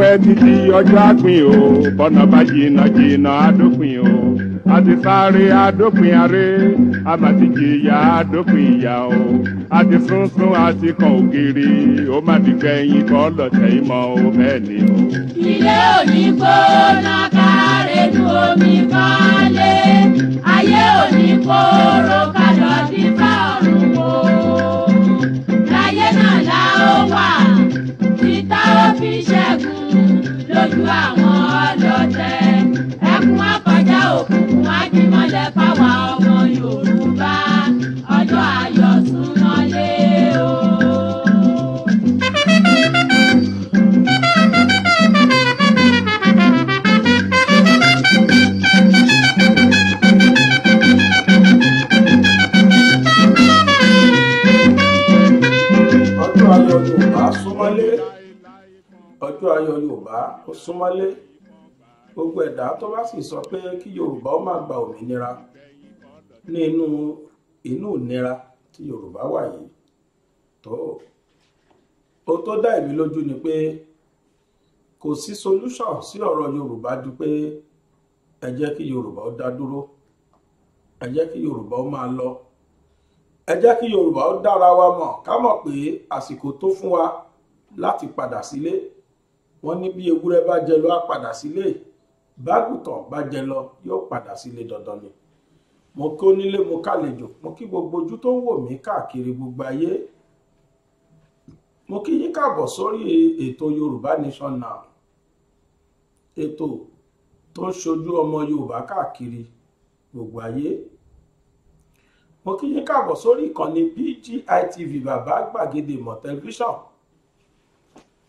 pẹ́ títí ọjọ́ àpín o bọ́nà bá jìnnà jìnnà àdópin o àti sáré àdópin aré àmàtìjìyà àdópin ìyà o àti àti kan ògiri ó má ti gbẹ̀yìn kọ́ lọ́tẹ̀ ìmọ̀ o bẹ́ẹ̀ ni o. ilé òní gbóná kárẹ́nu omi lé ayé òní kóró yọ yorùbá ó súnmọ́lé gbogbo ẹ̀dá tó bá sì sọ pé kí yorùbá ó má gba òmìnira ní inú inú ìnira tí yorùbá wà yìí tó ó tó dá èmi lójú ni pé kò sí solution sí ọ̀rọ̀ yorùbá ju pé ẹ jẹ́ kí yorùbá ó dá dúró ẹ jẹ́ kí yorùbá ó máa lọ ẹ jẹ́ kí yorùbá ó dára wa mọ̀ ká mọ̀ pé àsìkò tó fún wa láti padà sílé wọ́n ní bí ewúrẹ́ bá jẹ lọ á padà sílé bágùtàn bá jẹ lọ yóò padà sílé dandan ni mo kí onílé mo kàlejò mo kí gbogbo ojú tó ń wò mí káàkiri gbogbo ayé mo kí yín káàbọ̀ sórí ètò Yorùbá Nation Now ètò tó ń ṣojú ọmọ Yorùbá káàkiri gbogbo ayé mo kí yín káàbọ̀ sórí ìkànnì BGI bàbá gbàgede mọ̀ tẹlifíṣàn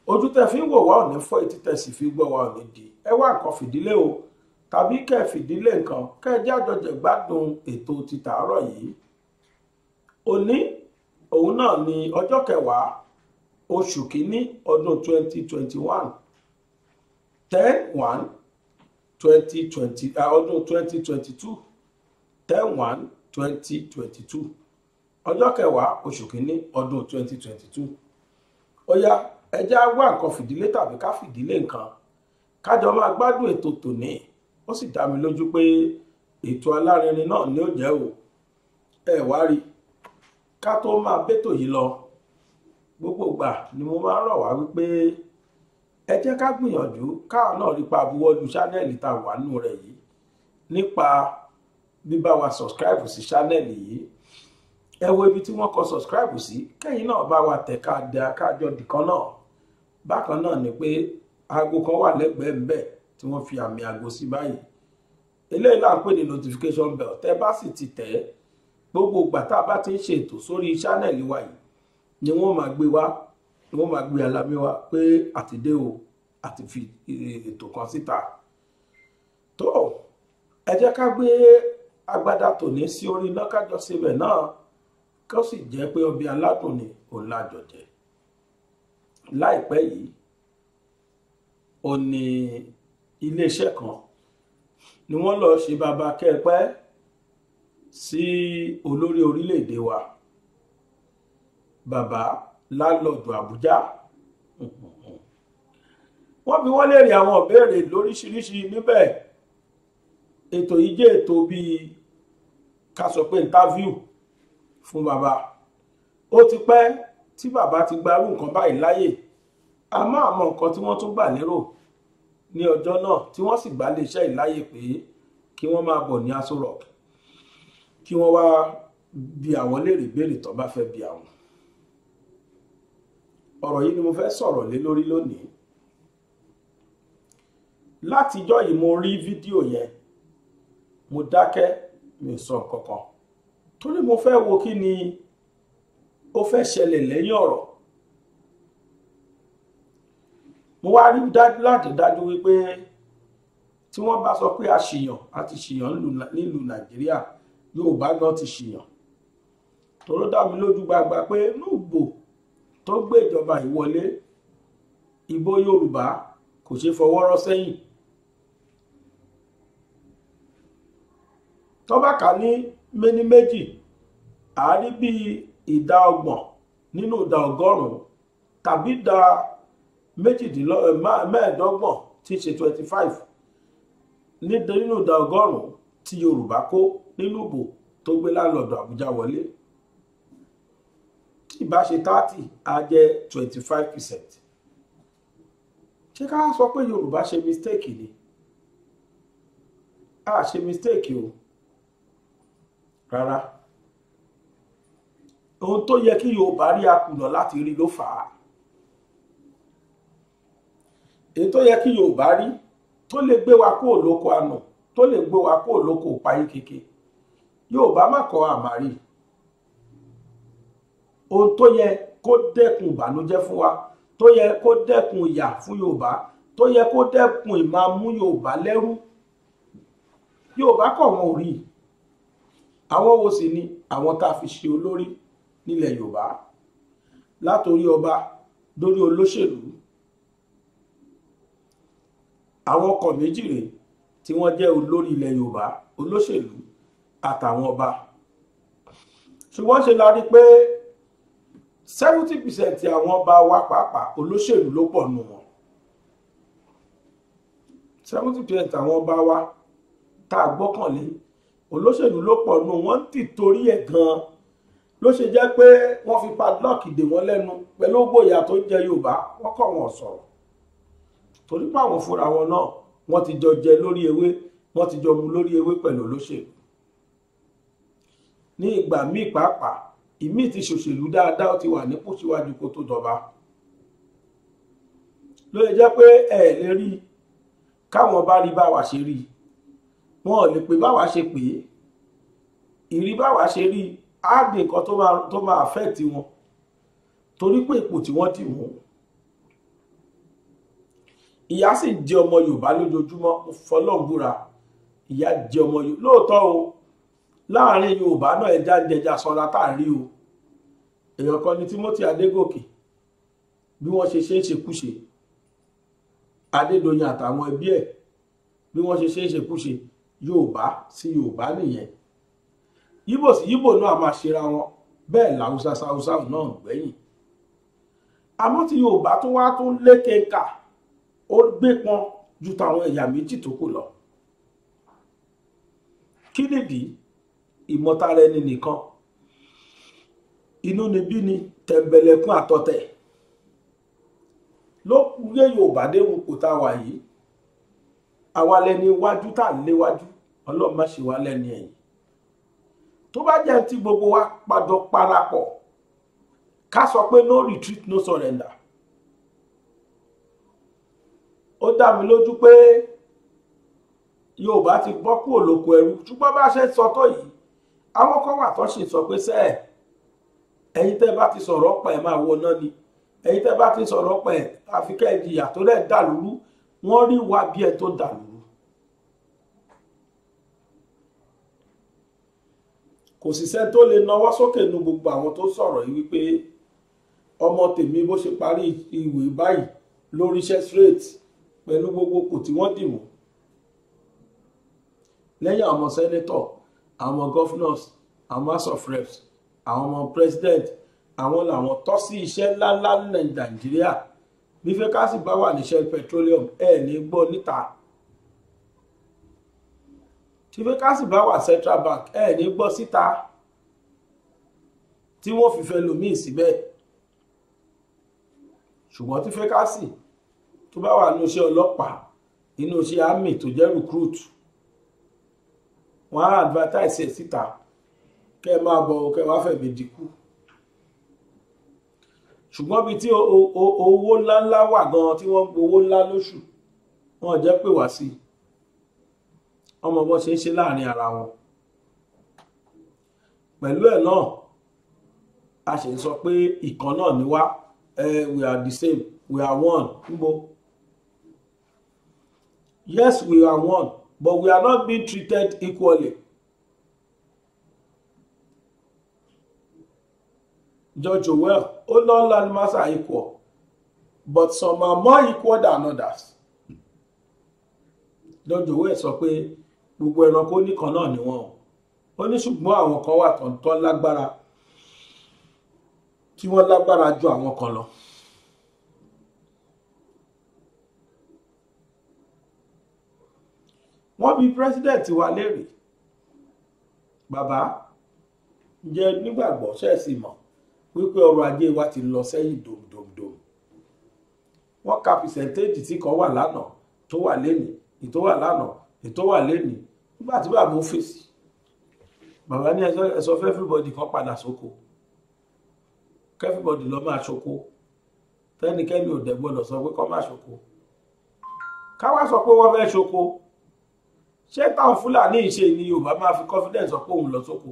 ojú tẹ fi ń wò wá òní fọ́ etí tẹ sì fi gbọ́ wá òní di ẹ wá nǹkan fìdílé o tàbí kẹ fìdílé nǹkan kẹ jájọ jẹ gbádùn ètò ti yìí òní òun náà ni ọjọ́ kẹwàá oṣù kínní ọdún 2021 ten one twenty twenty ọdún 2022 ten one twenty twenty two ọjọ́ kẹwàá oṣù kínní ọdún twenty two, yá ẹ jẹ́ á wá nǹkan fìdílé tàbí ká fìdílé nǹkan kájọ máa gbádùn ètò tòní ó sì dá mi lójú pé ètò alárinrin náà ni ó jẹ́ o ẹ wá rí ká tó máa bẹ́tò yìí lọ gbogbo ìgbà ni mo máa ń rọ̀ wá wípé ẹ jẹ́ ká gbìyànjú káwọn náà rí pa buwọ́lu ṣánẹ́ẹ̀lì tá a wà nù rẹ̀ yìí nípa bíbá wa subscribe sí ṣánẹ́ẹ̀lì yìí ẹ wo ibi tí wọ́n kọ subscribe sí kẹ́yìn náà bá wa tẹ̀ ká dá kájọ dìkan náà bákan náà ni pé aago kan wà lẹ́gbẹ̀ẹ́ ń bẹ̀ tí wọ́n fi àmì aago sí báyìí eléyìí là pè ní notification bell tẹ́ bá sì ti tẹ̀ ẹ́ gbogbo ìgbà tá a bá ti ń ṣètò sórí ṣánẹ́ẹ̀lì wa yìí ni wọ́n máa gbé wá ni wọ́n máa gbé alámi wá pé àtidé o àti fi e, ètò kan síta tó ẹ jẹ́ ká gbé agbádá tòní sí orí náà kájọ síbẹ̀ náà kó sì jẹ́ pé ọbẹ̀ aládùn ni òun lájọ jẹ́ láìpẹ́ yìí ó ní iléeṣẹ́ kan ni wọ́n lọ ṣe bàbá kẹ́ẹ̀pẹ́ sí olórí orílẹ̀-èdè wa bàbá lálọ́dù Àbújá wọ́n bi wọ́n léèrè àwọn ìbéèrè lóríṣiríṣi níbẹ̀ ètò yìí jẹ́ ètò bíi ká sọ pé interview fún bàbá ó ti pẹ́ tí bàbá ti gbarú nǹkan báyìí láyè a máa mọ nǹkan tí wọ́n tún gbà lérò ní ọjọ́ náà tí wọ́n sì gbà lè iṣẹ́ ìláyè pé kí wọ́n máa bọ̀ ní Aso Rock kí wọ́n wá bi àwọn léèrè béèrè tó bá fẹ́ bi àwọn. ọ̀rọ̀ yìí ni mo fẹ́ sọ̀rọ̀ lé lórí lónìí látijọ́ yìí mo rí fídíò yẹn mo dákẹ́ mi sọ nǹkan torí mo fẹ́ wo kí ni ó fẹ́ ṣẹlẹ̀ lẹ́yìn ọ̀rọ̀ mo wá rí láti dájú wípé tí wọ́n bá sọ pé a ṣìyàn a ti ṣìyàn nílùú nàìjíríà yorùbá gan ti ṣìyàn tòró dá mi lójú gbagba pé nùgbò tó gbé ìjọba ìwọlé ìbò yorùbá kò ṣeé fọwọ́ rọ́ sẹ́yìn tọ́ba kà ní méní méjì àárí bíi ìdá ọgbọ̀n nínú ìdá ọgọ́rùn-ún tàbí ìdá Eh, mẹ́ẹ̀ẹ́dọ́gbọ̀n tí í ṣe twenty five nínú ìdá ọgọ́rùn-ún tí Yorùbá kó nínú ìbò tó gbé láńlọ́ọ̀dù Àbújá wọlé tí ìbá ṣe thirty á jẹ́ twenty five percent ṣé ká sọ pé Yorùbá ṣe mistake ni a ṣe mistake o rárá ohun tó yẹ kí Yorùbá rí akùnà láti rí ló fà á èyí tó yẹ kí yorùbá rí tó lè gbé wa kó olóko àná tó lè gbé wa kó olóko páyé keke yorùbá má kọ àmàrí ohun tó yẹ kó dẹ́kun ìbànújẹ́ fún wa tó yẹ kó dẹ́kun ìyà fún yorùbá tó yẹ kó dẹ́kun ìmàmú yorùbá lẹ́rú yorùbá kọ̀ wọn ò rí àwọn wo sì ni àwọn tá a fi ṣe olórí nílẹ̀ yorùbá látòrí ọba dórí olóṣèlú àwọn ọkọ̀ méjì rèé tí wọ́n jẹ́ olórí ilẹ̀ yorùbá olóṣèlú àtàwọn ọba ṣùgbọ́n ṣe la rí pé seventy percent àwọn ọba wa pàápàá olóṣèlú ló pọ̀ nù wọn seventy percent àwọn ọba wa tá a gbọ́kànlé olóṣèlú ló pọ̀ nù wọ́n ti torí ẹ̀ gan-an ló ṣe jẹ́ pé wọ́n fi padlock dè wọ́n lẹ́nu pẹ̀lú ògbóyà tó jẹ́ yorùbá wọ́n kọ̀ wọ́n sọ̀rọ̀ torí pé àwọn fúnra wọn náà wọ́n ti jọ jẹ lórí ewé wọ́n ti jọ mu lórí ewé pẹ̀lú olóṣèlú ní ìgbà míì pàápàá ìmíì ti ṣòṣèlú dáadáa ó ti wà nípò síwájú kó tó dọba ló lè jẹ́ pé ẹ lè rí káwọn bá rí báwa ṣe rí wọn ò lè pè báwa ṣe pè é ìrí báwa ṣe rí á di nǹkan tó máa affect wọn torí pé ipò tí wọ́n ti wọ́n ìyá sì jẹ́ ọmọ yorùbá lójoojúmọ́ ó fọlọ́ǹbúra ìyá jẹ́ ọmọ yorùbá lóòótọ́ o láàrin yorùbá náà ẹja ń jẹjà sọra tá à ń rí o èèyàn kan ní timothy adégòkè bí wọ́n ṣe ṣe é ṣekúṣe adédọyìn àtàwọn ẹbí ẹ̀ bí wọ́n ṣe ṣe é ṣekúṣe yorùbá sí yorùbá nìyẹn yíbò sí yíbò náà máa ṣera wọn bẹ́ẹ̀ làwùsà sàwùsà náà gbẹ̀yìn àmọ́ tí yorùbá tó wá tó lékeka ó gbé pọn ju tàwọn ẹ̀yà méjì tó kù lọ kí nìdí ìmọ̀tara ẹni nìkan inú níbí ni tẹ̀m̀bẹ̀lẹ̀kún àtọ̀tẹ̀ ló yé yorùbá déhùn kò tá a wà yìí àwa lẹni iwájú tá à ń léwájú ọlọ́run má ṣe wá lẹ́ni ẹ̀yìn tó bá jẹ́ ti gbogbo wa padà parapọ̀ ká sọ pé no retreat no surrender ó dá mi lójú pé yorùbá ti bọ́ kúrò lóko ẹrú ṣùgbọ́n bá ṣe sọ tó yìí àwọn kan wà tó ṣì sọ pé sẹ́ẹ̀ ẹ̀yin tẹ́ bá ti sọ̀rọ̀ ọ̀pá máa wọ náà ni ẹ̀yin tẹ́ bá ti sọ̀rọ̀ ọ̀pá ẹ̀ àfikẹ́ ìjìyà tó rẹ̀ dà lóru wọ́n rí wa bí ẹ tó dà lóru. kò sì tó lè nawọ́ sókè nu gbogbo àwọn tó sọ̀rọ̀ yìí wípé ọmọ tèmi bó ṣe parí ìwé báyìí lóríṣẹ́ straight pẹ̀lú gbogbo kù tí wọ́n dì mú lẹ́yìn àwọn sẹ́nẹ́tọ̀ àwọn gọ́fúnọ̀s àwọn house of reps àwọn ọmọ president àwọn làwọn tọ́ sí iṣẹ́ ńláńlá ní nàìjíríà bí fẹ́kásì bá wà níṣẹ́ petroleum ẹ̀ ní gbọ́ níta tí fẹ́kásì bá wà central bank ẹ̀ ní gbọ́ síta tí wọ́n fi fẹ́ lòmíì síbẹ̀ ṣùgbọ́n tí fẹ́kásì. Si tó bá wà ní iṣẹ́ ọlọ́pàá inú iṣẹ́ army tó jẹ́ recruit wọ́n á advertise ẹ̀ síta kẹ́ ẹ máa bọ̀ kẹ́ ẹ wá fẹ̀mí dínkù ṣùgbọ́n bíi tí owó ńláńlá wà gan tí wọ́n ń gbowó ńlá lóṣù wọn jẹ́ pè wá sí i ọmọ bọ́ ṣe ń ṣe láàrin ara wọn pẹ̀lú ẹ̀ náà a ṣe ń sọ pé ìkan náà ni wá we are the same we are one níbo Yes, we are one, but we are not being treated equally. Judge well, all animals are equal, but some are more equal than others. Judge well sọ pé gbogbo ẹranko nìkan náà ni wọn o. Ó ní ṣùgbọ́n àwọn kan wà tó ń tọ́ lágbára tí wọ́n lágbára ju àwọn kan lọ. wọ́n bi president wa léèrè bàbá ǹjẹ́ nígbàgbọ́ ṣẹ́ẹ̀sì mọ̀ wípé ọrọ̀ ajé wa ti lọ sẹ́yìn dòmdòmdòm wọ́n ka percentage tí kan wà lánàá tó wà lẹ́nìí ètò wà lánàá ètò wà lẹ́nìí nígbà tí bàbá ó fèsì bàbá ní ẹ̀sọ́ fẹ́ everybody kan padà sóko kẹ́fíbọ̀dì lọ máa ṣoko tẹ́nikẹ́ni ò dẹ̀ gbọ́dọ̀ sọ pé kọ́ máa ṣoko káwá sọ pé wọ́n fẹ́ ṣoko ṣé táwọn fúlàní ìṣe ni yorùbá máa fi confidence sọ pé òun lọ sóko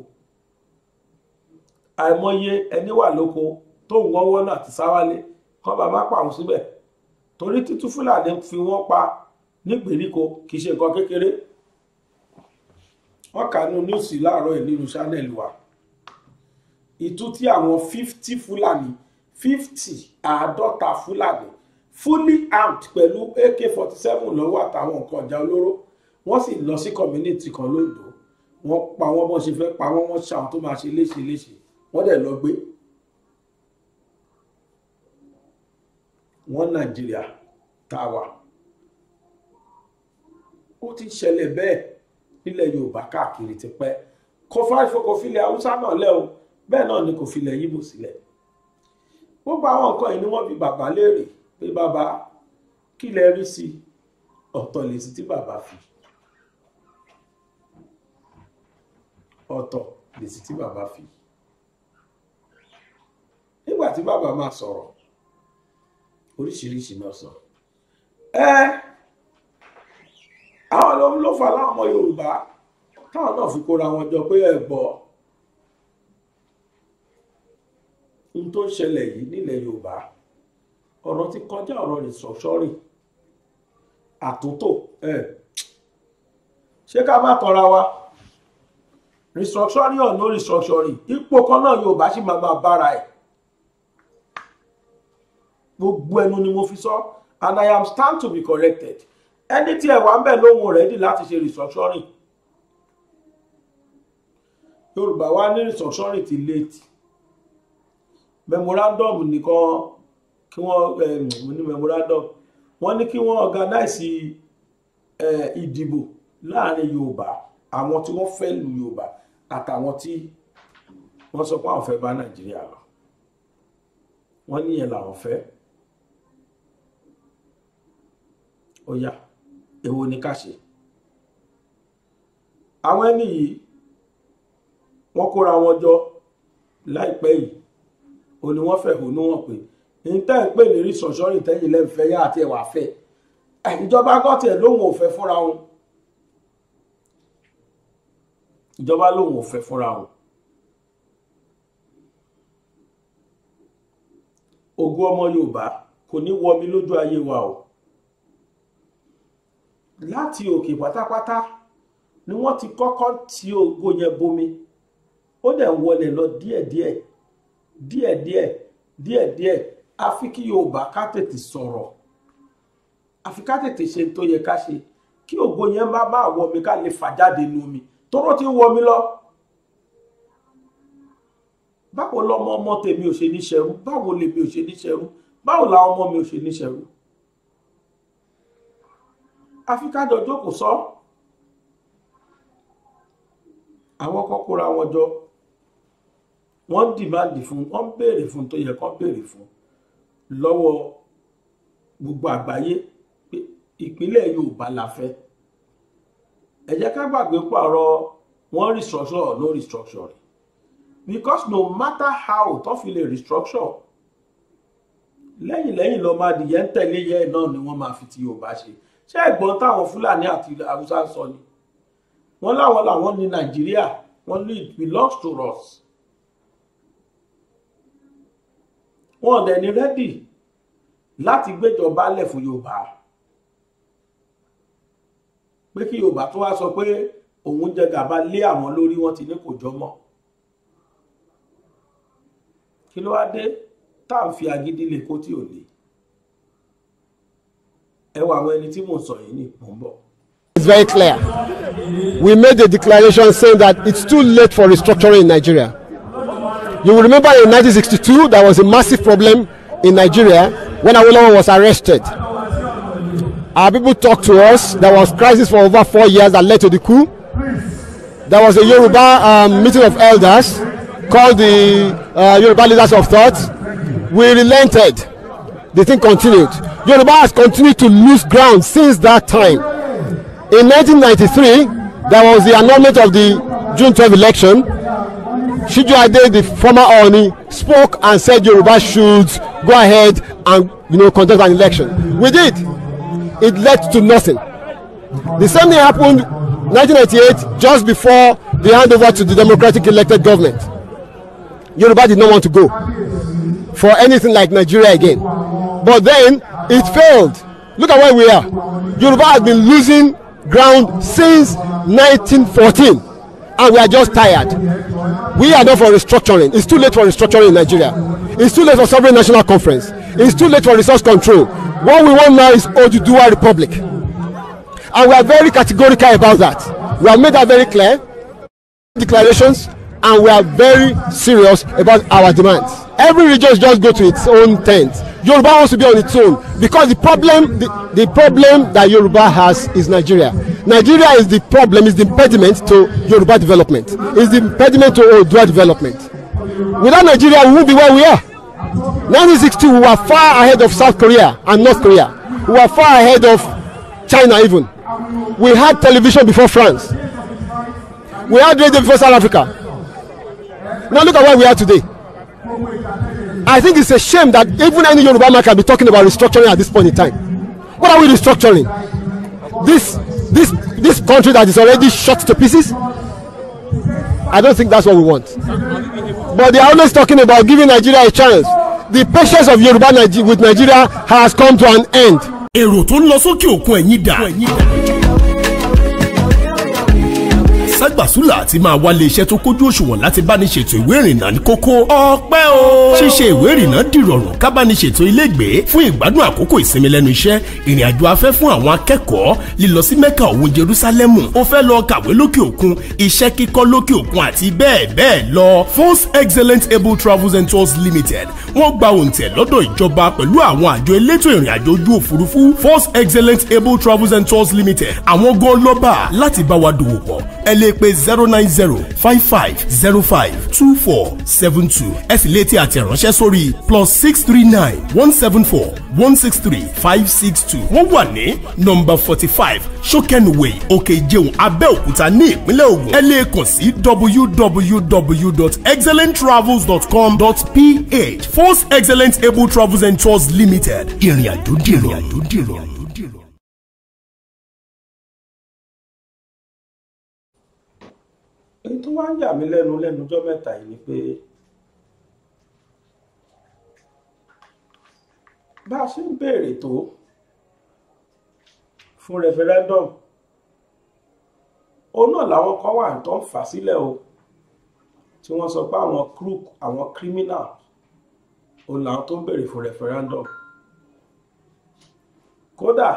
àìmọye ẹni wà lóko tóun wọ́wọ́ náà ti sáwálé kọ́ bàbá pàrọ̀ síbẹ̀ torí títú fúlàní fi wọ́n pa nígbèríko kì í ṣe nǹkan kékeré wọ́n kà nú níùsì láàárọ̀ ẹ̀ nínú ṣánẹ́ẹ̀lì wa ìtú tí àwọn fifty fúlàní fifty àádọ́ta fúlàní fully armed pẹ̀lú ak forty seven lọ́wọ́ àtàwọn nǹkan ọjà olóró wọ́n sì lọ sí community kan lóńdó wọ́n pa wọ́n bọ́n ṣe fẹ́ pa wọ́n wọ́n ṣàwọn tó máa ṣe léṣe léṣe wọ́n dẹ̀ lọ gbé wọ́n nàìjíríà tá a wà ó ti ṣẹlẹ̀ bẹ́ẹ̀ nílẹ̀ yorùbá káàkiri ti pẹ́ kò fáìfò kò filẹ̀ haúsá náà lẹ́ o bẹ́ẹ̀ náà ni kò filẹ̀ yíbò sílẹ̀ gbogbo àwọn nǹkan yìí ni wọ́n bi bàbá léèrè pé bàbá kí lẹ rí sí ọ̀tọ̀ lèsì tí bàbá fi ọ̀tọ̀ lèsì tí bàbá fi nígbà tí bàbá máa sọ̀rọ̀ oríṣiríṣi náà sọ ẹ àwọn ló ló fà láwọn ọmọ Yorùbá táwọn náà fi kóra wọn jọ pé ẹ bọ ohun tó ń ṣẹlẹ̀ yìí nílẹ̀ Yorùbá ọ̀rọ̀ ti kọjá ọ̀rọ̀ ìsọ̀sọ́rìn àtúntò ẹ ṣé ká má tọra wa restructuring or no restructuring ipò kan náà Yorùbá sì máa máa bára ẹ̀ gbogbo ẹnu ni mo fi sọ and I am stand to be corrected ẹni tí ẹ wà ń bẹ̀ lóhun rẹ̀ dì láti ṣe restructuring Yorùbá wa ní restructuring ti late memorandum nìkan kí wọ́n ní memorandum wọ́n ní kí wọ́n organize eh, ìdìbò láàrin Yorùbá àwọn tí wọ́n fẹ́ lu Yorùbá àtàwọn tí wọ́n sọ pé àwọn fẹ́ bá nàìjíríà lọ wọ́n níyẹn làwọn fẹ́ ó yá èwo ni ká ṣe àwọn ẹni yìí wọ́n kóra wọn jọ láìpẹ́ yìí ó ní wọ́n fẹ̀hónú wọn pé níta ẹ̀ pè ní rí sọ̀sọ́rì tẹ́yìn lẹ́ǹfẹ́ yá àti ẹ̀wà fẹ́ ìjọba gọ́tì lóhùn òfẹ́ fúnra wọn ìjọba lòun ò fẹ́ fúnra o ogún ọmọ Yorùbá kò ní wọmi lójú ayé wa o láti òkè pátápátá ni wọ́n ti kọ́kọ́ ti ògo yẹn bomi ó dẹ̀ wọlé lọ díẹ̀díẹ̀ díẹ̀díẹ̀ díẹ̀díẹ̀ àfi kí Yorùbá ká tètè sọ̀rọ̀ àfi ká tètè ṣe tó yẹ ká ṣe kí ògo yẹn bá bá wọmi ká lè fà jáde lómi tóró ti wọ mi lọ báwo lọmọ ọmọ tèmi ò ṣe ní ṣẹrú báwo lèmi ò ṣe ní ṣẹrú báwo làwọn ọmọ mi ò ṣe ní ṣẹrú àfi ká jọ jókòó sọ àwọn kan kóra wọn jọ wọn dìmáàdì fún wọn béèrè fún tó yẹ kán béèrè fún lọ́wọ́ gbogbo àgbáyé pé ìpínlẹ̀ Yorùbá la fẹ́ ẹ jẹ́ ká gbàgbé pààrọ̀ wọ́n restructure no restructure because no matter how tó fi lè restructure lẹ́yìn lẹ́yìn lọ́ọ́ máa dìyẹ ń tẹ̀lé yẹ náà ni wọ́n máa fi ti Yorùbá ṣe ṣé ẹ̀gbọ́n táwọn Fúlàní àti Haúsá sọ ni wọ́n láwọn làwọn ní Nàìjíríà wọ́n ní it belongs to us wọ́n dẹ̀ ní rẹ́dì láti gbéjọba lẹ̀ fún Yorùbá pé kí yorùbá tó wá sọ pé òun jẹ gàba lé àwọn lórí wọn ti ní kò jọ mọ́ kí ló wá dé tá à lè kó tí ò lè ẹ àwọn ẹni tí mò ń sọ yìí ní ìpò It's very clear. We made a declaration saying that it's too late for restructuring in Nigeria. You will remember in 1962 there was a massive problem in Nigeria when Awolowo was arrested. Our people talk to us. There was crisis for over four years that led to the coup. There was a Yoruba um, meeting of elders called the uh, Yoruba Leaders of Thought. We relented. The thing continued. Yoruba has continued to lose ground since that time. In 1993, there was the annulment of the June 12 election. Shiju Ade, the former Oni, spoke and said Yoruba should go ahead and you know conduct an election. We did it led to nothing. The same thing happened 1998, just before the handover to the democratic elected government. Yoruba did not want to go for anything like Nigeria again. But then it failed. Look at where we are. Yoruba has been losing ground since 1914 and we are just tired. We are not for restructuring. It's too late for restructuring in Nigeria. It's too late for sovereign national conference. It's too late for resource control. What we want now is Oduduwa Republic. And we are very categorical about that. We have made that very clear. Declarations, and we are very serious about our demands. Every region just go to its own tent. Yoruba wants to be on its own because the problem the, the problem that Yoruba has is Nigeria. Nigeria is the problem, is the impediment to Yoruba development, is the impediment to Odua development. Without Nigeria, we won't be where we are. 1960, we were far ahead of South Korea and North Korea. We were far ahead of China, even. We had television before France. We had radio before South Africa. Now look at where we are today. I think it's a shame that even any Yoruba man can be talking about restructuring at this point in time. What are we restructuring? This, this, this country that is already shot to pieces? I don't think that's what we want. but they are always talking about giving Nigeria a chance. The patience of Yoruba with Nigeria has come to an end. èrò tó ń lọ sókè òkun ẹ̀yìn dà ságbàsúlà àti máa wálé iṣẹ́ tó kójú òṣùwọ̀n láti bá ní ṣètò ìwé ìrìnnà ní kókó. ọpẹ́ o. ṣíṣe ìwé ìrìnnà dìrọ̀rùn ká bá ní ṣètò ilégbèé fún ìgbádùn àkókò ìsinmi lẹ́nu iṣẹ́ ìrìn àjò afẹ́ fún àwọn akẹ́kọ̀ọ́ lílọ sí mẹ́kà òun jerúsálẹ́mù ó fẹ́ lọ kàwé lókè òkun iṣẹ́ kíkọ́ lókè òkun àti bẹ́ẹ̀ bẹ́ẹ̀ lọ. Force Excellent Able Travels and Tours Limited wọ́n gba òǹtẹ̀ lọ́dọ̀ ìjọba pẹ̀lú àwọn àjọ elétò ìrìn àjò ojú òfurufú Force Excellent Able Travels and Tours Limited àwọn gan lọ́ba láti bá wa dòwò pọ̀ ẹ lè lè zero nine zero five five zero five two four seven two ẹ sì lè ti àtẹ̀ránṣẹ́ sórí plus six three nine one seven four one six three five six two. wọ́n wà ní nọ́mbà forty five sọ́kẹ́nuwé òkè ìjẹun abẹ́òkúta ní ìpínlẹ̀ Ògùn ẹ lè kàn sí www.excellenttravels.com.ph Force Excellent Able Travels and Tours Limited ìrìn àjò dìrò. èyí tó wá ń yà mí lẹ́nu lẹ́nu ọjọ́ mẹ́ta yìí ni pé bá a ṣe ń béèrè tó fún referendum òun náà làwọn kan wà tó ń fà sílẹ̀ o tí wọ́n sọ pé àwọn crook àwọn criminal òun làwọn tó ń béèrè fún referendum kódà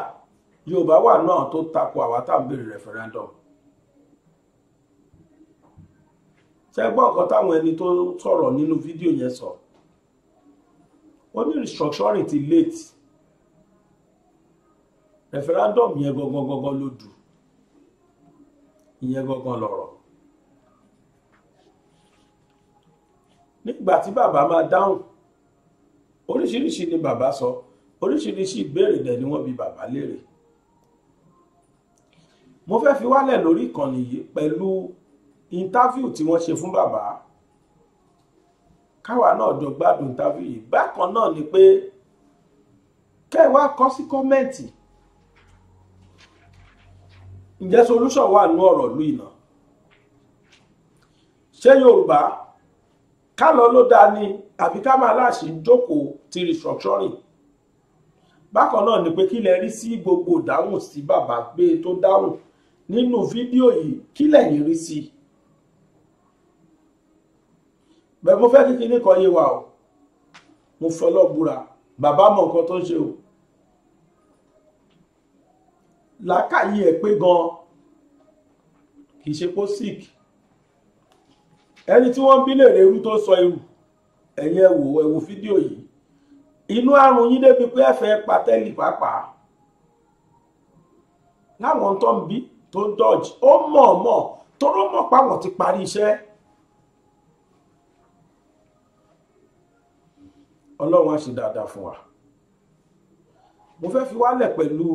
Yorùbá wà náà tó tako àwa tá à ń béèrè referendum. ṣe gbọ́ ọ̀kan táwọn ẹni tó sọ̀rọ̀ nínú fídíò yẹn sọ ó ní restructuring ti late referendum yẹn gangan gangan ló dù ìyẹn gangan lọ̀rọ̀ nígbà tí bàbá máa dáhùn oríṣiríṣi ni bàbá sọ oríṣiríṣi ìbéèrè dẹ̀ ni wọ́n bi bàbá léèrè mo fẹ́ fi wálẹ̀ lórí ìkànnì yìí pẹ̀lú interview tí wọ́n ṣe fún bàbá káwa náà jọ gbádùn interview yìí bákan náà ni pé kẹwàá kọ sí kọ́mẹ́ǹtì ǹjẹ́ solution wà nú ọ̀rọ̀ ìlú ìná ṣé Yorùbá ká lọ ló dáa ni àbí ká máa láṣì ń jókòó ti restructuring bákan náà ni pé kí lẹ rí sí gbogbo ìdáhùn sí bàbá gbé tó dáhùn nínú fídíò yìí kí lẹ̀yin rí sí i bẹ́ẹ̀ mo fẹ́ kí kinní kan yé wa o mo fọlọ́ búra bàbá mọ nǹkan tó ń ṣe o làákàyè ẹ̀ pé gan kì í ṣe kó sick ẹni tí wọ́n bí lèrè irú tó sọ irú ẹ̀yin ẹ wò ẹ wò fídíò yìí inú àrùn yín débi pé ẹ fẹ́ patẹ́lì pàápàá láwọn tó ń bí tó ń dọ́jì ó mọ̀ mọ̀ tó ló mọ̀ páwọn ti parí iṣẹ́ ọlọ́run á ṣe dáadáa fún wa mo fẹ́ fi wálẹ̀ pẹ̀lú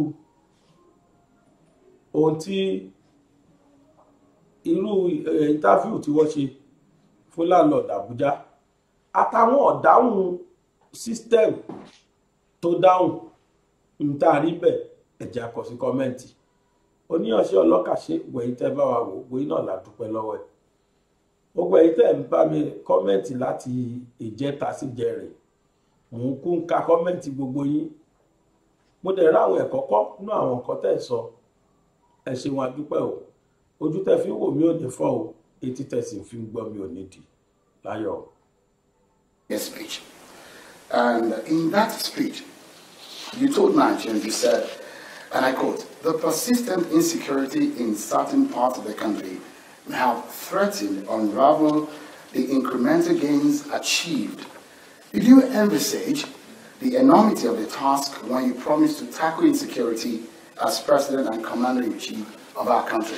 ohun tí irú eh, interview tí wọ́n ṣe fún landlord Àbújá àtàwọn ọ̀dáhùn system tó dáhùn ntaari bẹ́ẹ̀ ẹ̀jẹ̀ àkọsí kọ́mẹ́ǹtì oníyanṣẹ́ ọlọ́kàṣe gbẹ̀yìn tẹ́ bá wa wò gbẹ̀yìn náà la dúpẹ́ lọ́wọ́ ẹ̀ gbogbo ẹ̀yìn tẹ́ ń bá mi kọ́mẹ́ǹtì láti ìjẹta síjẹrìn mò ń kú ń ka kọ́mẹ́ǹtì gbogbo yín mo dẹ̀ ráwọn ẹ̀kọ́ kọ́ nínú àwọn nǹkan tẹ̀ sọ ẹ ṣeun adúpẹ́ o ojú tẹ fi wò mí ò ní fọ́ o etí tẹ sì fi ń gbọ́ mi ò ní di láyọ̀. His speech and in that speech you told Nigerians you said and I quote the persistent insecurity in certain parts of the country may have threatened unravel the incremental gains achieved Did you envisage the enormity of the task when you promised to tackle insecurity as president and commander in chief of our country?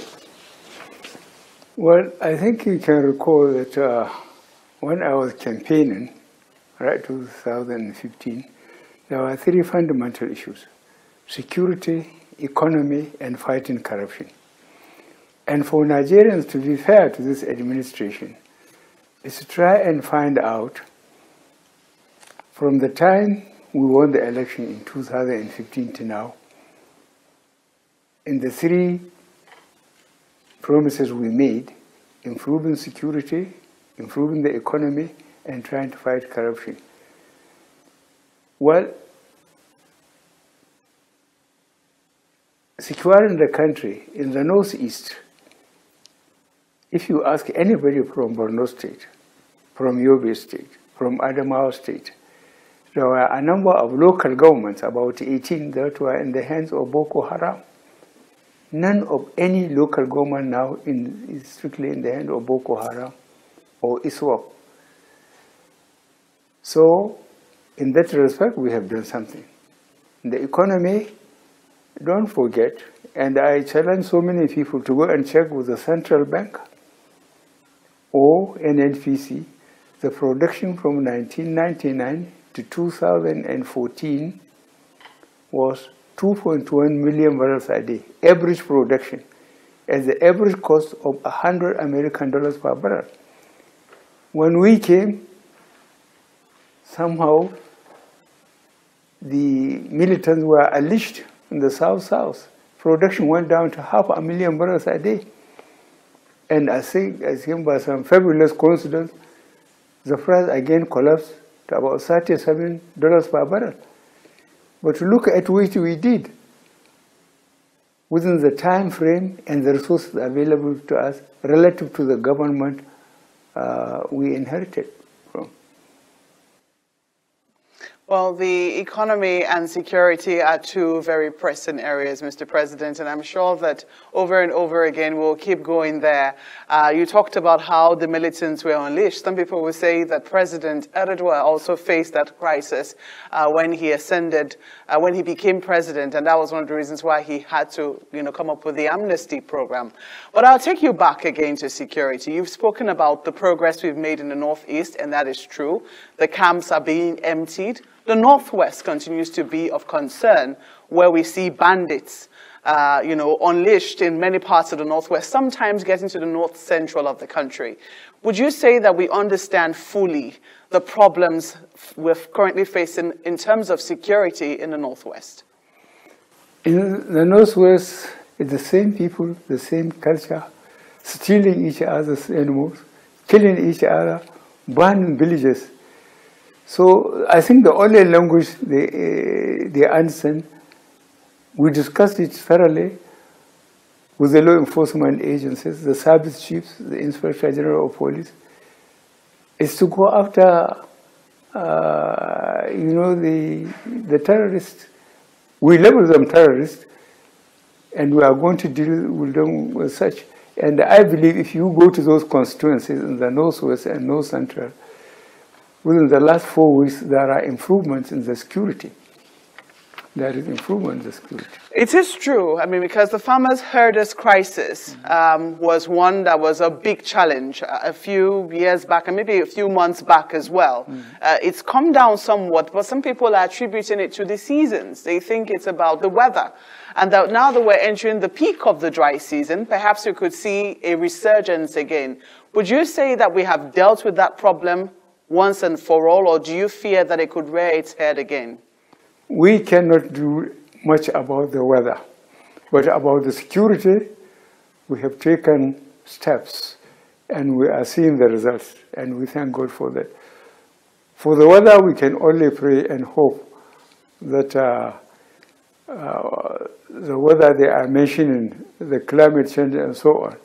Well, I think you can recall that uh, when I was campaigning, right, 2015, there were three fundamental issues security, economy, and fighting corruption. And for Nigerians to be fair to this administration, is to try and find out from the time we won the election in 2015 to now, in the three promises we made, improving security, improving the economy, and trying to fight corruption. Well, securing the country in the northeast, if you ask anybody from Borno State, from Yobe State, from Adamawa State, there uh, were a number of local governments, about 18, that were in the hands of Boko Haram. None of any local government now in, is strictly in the hands of Boko Haram or ISWAP. So, in that respect, we have done something. The economy, don't forget, and I challenge so many people to go and check with the central bank or NNPC the production from 1999 to 2014 was 2.1 million barrels a day, average production, at the average cost of 100 American dollars per barrel. When we came, somehow the militants were unleashed in the South-South. Production went down to half a million barrels a day. And I think, I think by some fabulous coincidence, the price again collapsed to about $37 per barrel. But look at what we did within the time frame and the resources available to us relative to the government uh, we inherited. Well, the economy and security are two very pressing areas, Mr. President, and I'm sure that over and over again we'll keep going there. Uh, you talked about how the militants were unleashed. Some people will say that President Erdogan also faced that crisis uh, when he ascended, uh, when he became president, and that was one of the reasons why he had to, you know, come up with the amnesty program. But I'll take you back again to security. You've spoken about the progress we've made in the Northeast, and that is true. The camps are being emptied. The Northwest continues to be of concern, where we see bandits, uh, you know, unleashed in many parts of the Northwest, sometimes getting to the north central of the country. Would you say that we understand fully the problems we're currently facing in terms of security in the Northwest? In the Northwest, it's the same people, the same culture, stealing each other's animals, killing each other, burning villages. So I think the only language they, uh, they understand, we discussed it thoroughly with the law enforcement agencies, the service chiefs, the inspector general of police, is to go after, uh, you know, the, the terrorists. We label them terrorists, and we are going to deal with them with such. And I believe if you go to those constituencies in the northwest and north central, within the last four weeks, there are improvements in the security. There is improvement in the security. It is true. I mean, because the farmers' herders crisis mm-hmm. um, was one that was a big challenge uh, a few years back, and maybe a few months back as well. Mm. Uh, it's come down somewhat, but some people are attributing it to the seasons. They think it's about the weather, and that now that we're entering the peak of the dry season, perhaps we could see a resurgence again. Would you say that we have dealt with that problem once and for all, or do you fear that it could rear its head again? We cannot do much about the weather, but about the security, we have taken steps and we are seeing the results, and we thank God for that. For the weather, we can only pray and hope that uh, uh, the weather they are mentioning, the climate change and so on.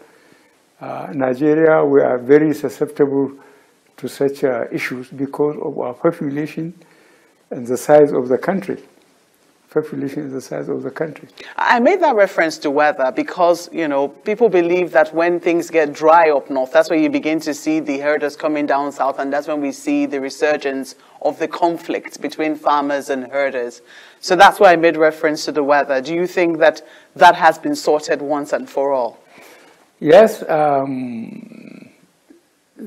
Uh, Nigeria, we are very susceptible to such uh, issues because of our population and the size of the country. Population is the size of the country. I made that reference to weather because, you know, people believe that when things get dry up north, that's when you begin to see the herders coming down south, and that's when we see the resurgence of the conflict between farmers and herders. So that's why I made reference to the weather. Do you think that that has been sorted once and for all? Yes, um,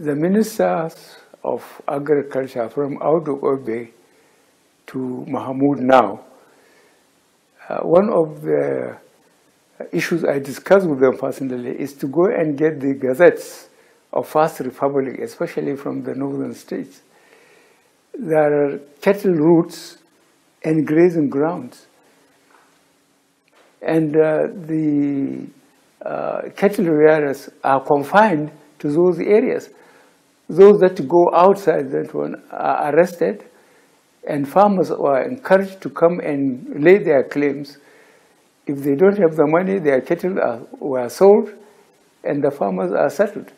the ministers of agriculture from Audu Obe to Mahmoud now, uh, one of the issues I discuss with them personally is to go and get the gazettes of First Republic, especially from the northern states. There are cattle routes and grazing grounds. And uh, the uh, cattle rearers are confined to those areas. Those that go outside that one are arrested, and farmers are encouraged to come and lay their claims. If they don't have the money, their cattle are, were sold, and the farmers are settled.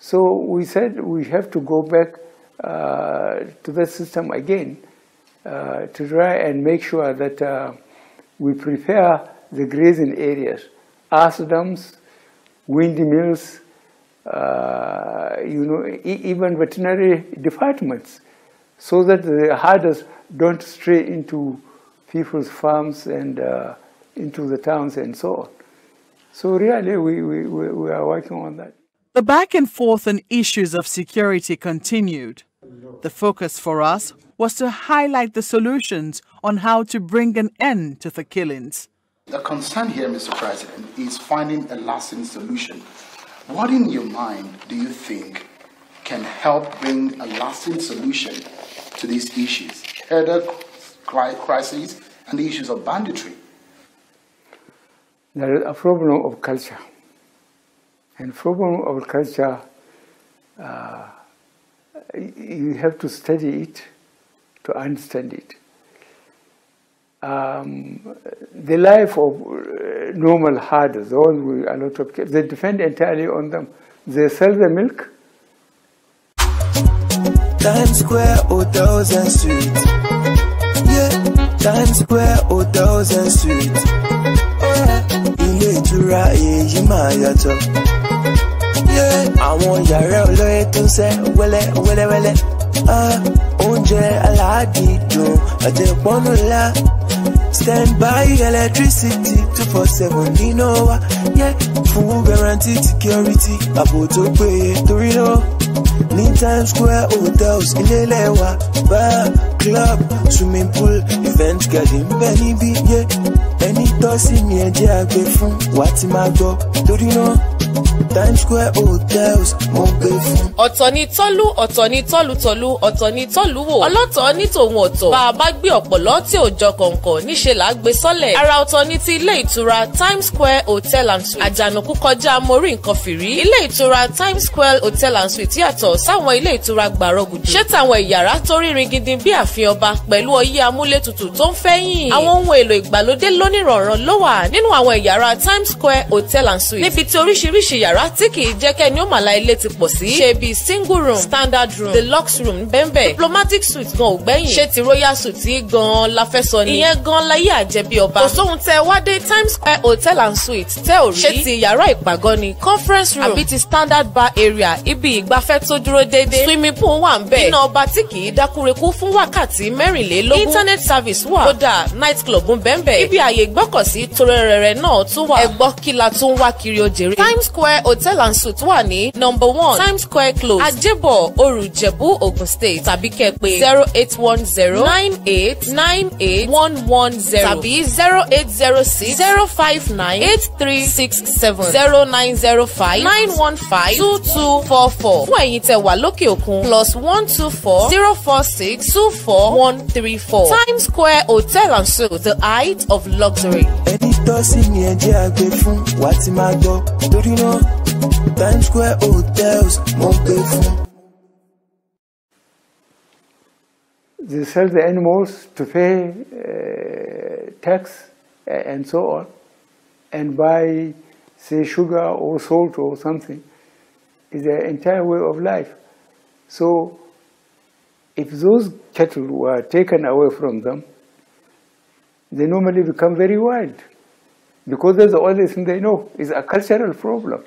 So we said we have to go back uh, to the system again uh, to try and make sure that uh, we prepare the grazing areas, arse dams, windmills, uh, you know, e even veterinary departments, so that the herders don't stray into people's farms and uh, into the towns and so on. So really, we, we, we are working on that. The back and forth on issues of security continued. The focus for us was to highlight the solutions on how to bring an end to the killings. The concern here, Mr. President, is finding a lasting solution what in your mind do you think can help bring a lasting solution to these issues? Herder crisis and the issues of banditry. There is a problem of culture. And problem of culture, uh, you have to study it to understand it um, the life of uh, normal herd, those with a lot of they depend entirely on them. They sell the milk. Times Square or oh, Thousand Street. Yeah, Times Square or oh, Thousand Street. Oh, Stand by electricity 247 nínú wa. Fún guarantee security àbò tó péye torí náà. Ní Times Square hotels ilé lẹ́wà bar club swimming pool event garden bẹ́ẹ̀ níbí. Ẹni tọ́sí mi ẹ jẹ́ àgbẹ̀ fún wa ti máa gbọ́ torí náà. Times Square hotels mo gbé fún. ọ̀tọ̀ ni tọ́lú ọ̀tọ̀ ni tọ́lútọ́lú ọ̀tọ̀ ni tọ́lúwò ọlọ́tọ̀ ní tòun ọ̀tọ̀ bá a bá gbé ọ̀pọ̀lọ́ tí ò jọ kọ̀ǹkọ̀ níṣe là á gbé sọ́lẹ̀ ara ọ̀tọ̀ ni ti ilé ìtura Times Square hotel and suite àjànàkú kọjá mo rí nǹkan fìrí ilé ìtura Times Square hotel and suite yàtọ̀ sáwọn ilé ìtura gbàrọgùdù ṣé táwọn ìyàrá tó rírin gidi bí ààfin ọba pẹ̀lú ọyí amúlétutù tó ń fẹ́ yìn àwọn ohun èlò ìgbàlódé lónìrànràn ló wà nínú àwọn ìyàrá Times Square hotel and suite níbi tí oríṣiríṣi oríṣiríṣi yàrá tí kì í jẹ́ kẹ́ni ó màlá ilé ti pọ̀ sí. ṣe bíi single room standard room deluxe room bẹ́ẹ̀bẹ́ẹ̀ diplomatic suite gan ò gbẹ́yìn ṣé ti royal suite gan la fẹ́ sọ ni. ìyẹn gan láyé àjẹbí ọba. kò sóhun tẹ wá Times Square hotel and suite tẹ́ ò rí. ṣé ti yàrá ìpàgọ́ ni conference room àbí ti standard bar area ibi ìgbafẹ́ tó dúró déédéé swimming pool wà ń bẹ̀. iná ọba tí kì í dákúrekú fún wákàtí mẹ́rìnlélógún internet service wà kódà night club ń bẹ́ẹ̀ ibi àyè ìgbọ́kọ̀sí torẹ́rẹ́rẹ́ náà tún wà. ẹ gbọ́ kí la tún wá kiri òjèrè. Times square hotel and suite wà ní number one times square close ajébọ̀ òrùjẹ̀bú ogun state tàbí kẹ́pẹ́ zero eight one zero nine eight nine eight one one zero tàbí zero eight zero six zero five nine eight three six seven zero nine zero five nine one five two two four four fún ẹ̀yin tẹ́ wà lókè òkun plus one two four zero four six two four one three four times square hotel and suite the height of luxury. Times Square hotels They sell the animals to pay uh, tax eh, and so on and buy say sugar or salt or something. It's their entire way of life. So if those cattle were taken away from them, they normally become very wild because that's the only thing they know. It's a cultural problem.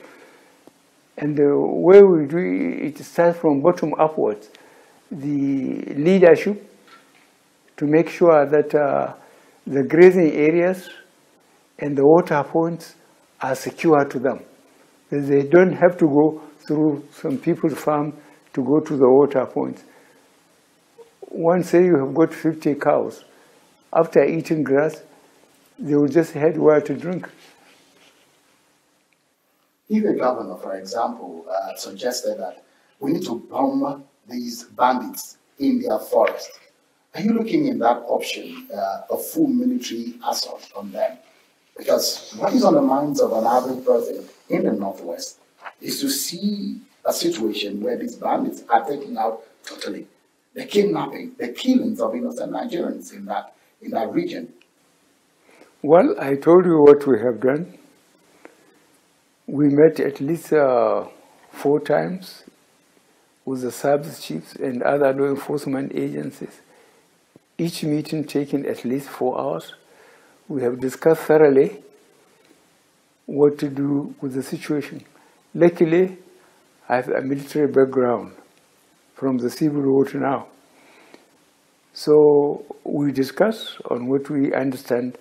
And the way we do it, it starts from bottom upwards. The leadership to make sure that uh, the grazing areas and the water points are secure to them. That they don't have to go through some people's farm to go to the water points. Once say you have got 50 cows, after eating grass, they would just head where to drink. the governor, for example, uh, suggested that we need to bomb these bandits in their forest. Are you looking in that option, uh, a full military assault on them? Because what is on the minds of an average person in the Northwest is to see a situation where these bandits are taking out totally the kidnapping, the killings of innocent Nigerians in that, in that region. Well, I told you what we have done. We met at least uh, four times with the service chiefs and other law enforcement agencies. Each meeting taking at least four hours. We have discussed thoroughly what to do with the situation. Luckily, I have a military background from the Civil War to now. So we discuss on what we understand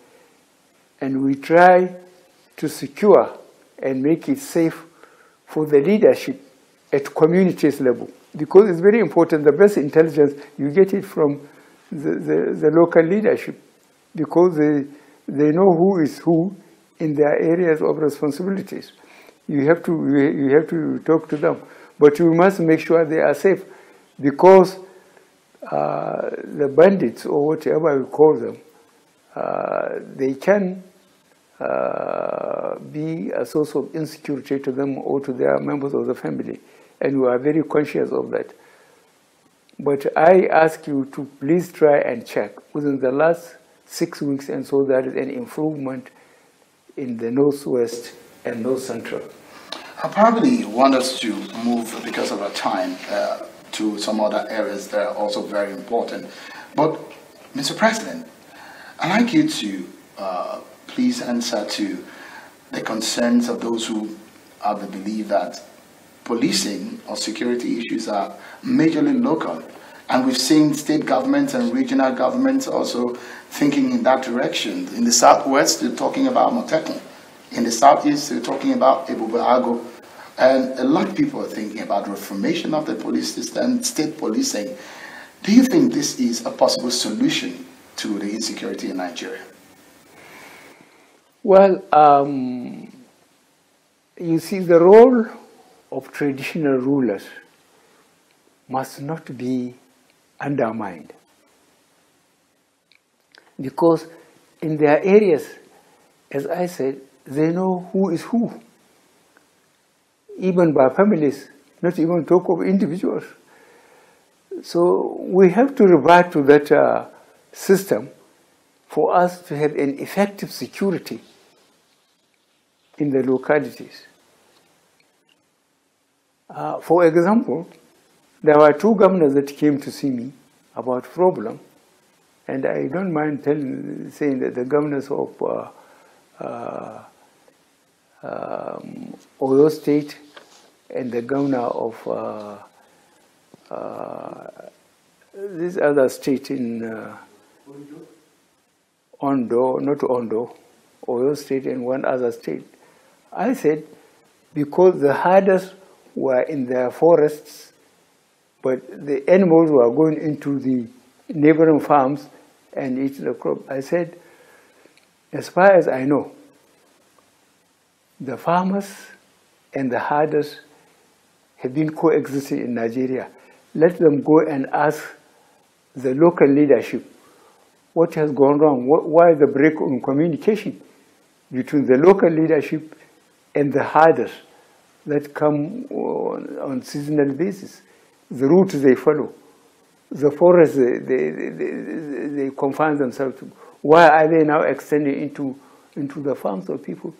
and we try to secure and make it safe for the leadership at communities level. Because it's very important, the best intelligence, you get it from the, the, the local leadership because they, they know who is who in their areas of responsibilities. You have to, you have to talk to them. But you must make sure they are safe because uh, the bandits or whatever we call them, uh, they can uh, be a source of insecurity to them or to their members of the family. And we are very conscious of that. But I ask you to please try and check within the last six weeks, and so there is an improvement in the northwest and north central. I uh, probably want us to move because of our time uh, to some other areas that are also very important. But, Mr. President, I'd like you to uh, please answer to the concerns of those who have the belief that policing or security issues are majorly local. And we've seen state governments and regional governments also thinking in that direction. In the southwest, they're talking about Motekan. In the southeast, they're talking about Ibubo And a lot of people are thinking about reformation of the police system, state policing. Do you think this is a possible solution to the insecurity in Nigeria? Well, um, you see, the role of traditional rulers must not be undermined because in their areas, as I said, they know who is who. Even by families, not even talk of individuals. So we have to revert to that uh, system for us to have an effective security in the localities. Uh, for example, there were two governors that came to see me about problem, and I don't mind telling, saying that the governors of uh, uh, um, Oyo State and the governor of uh, uh, this other state in uh, Ondo, not Ondo, Oyo State and one other state. I said, because the herders were in their forests, but the animals were going into the neighboring farms and eating the crop. I said, as far as I know, the farmers and the herders have been coexisting in Nigeria. Let them go and ask the local leadership what has gone wrong, what, why the break in communication between the local leadership and the harder that come on, on seasonal basis, the route they follow, the forest they, they, they, they confine themselves to. Why are they now extending into, into the farms of people?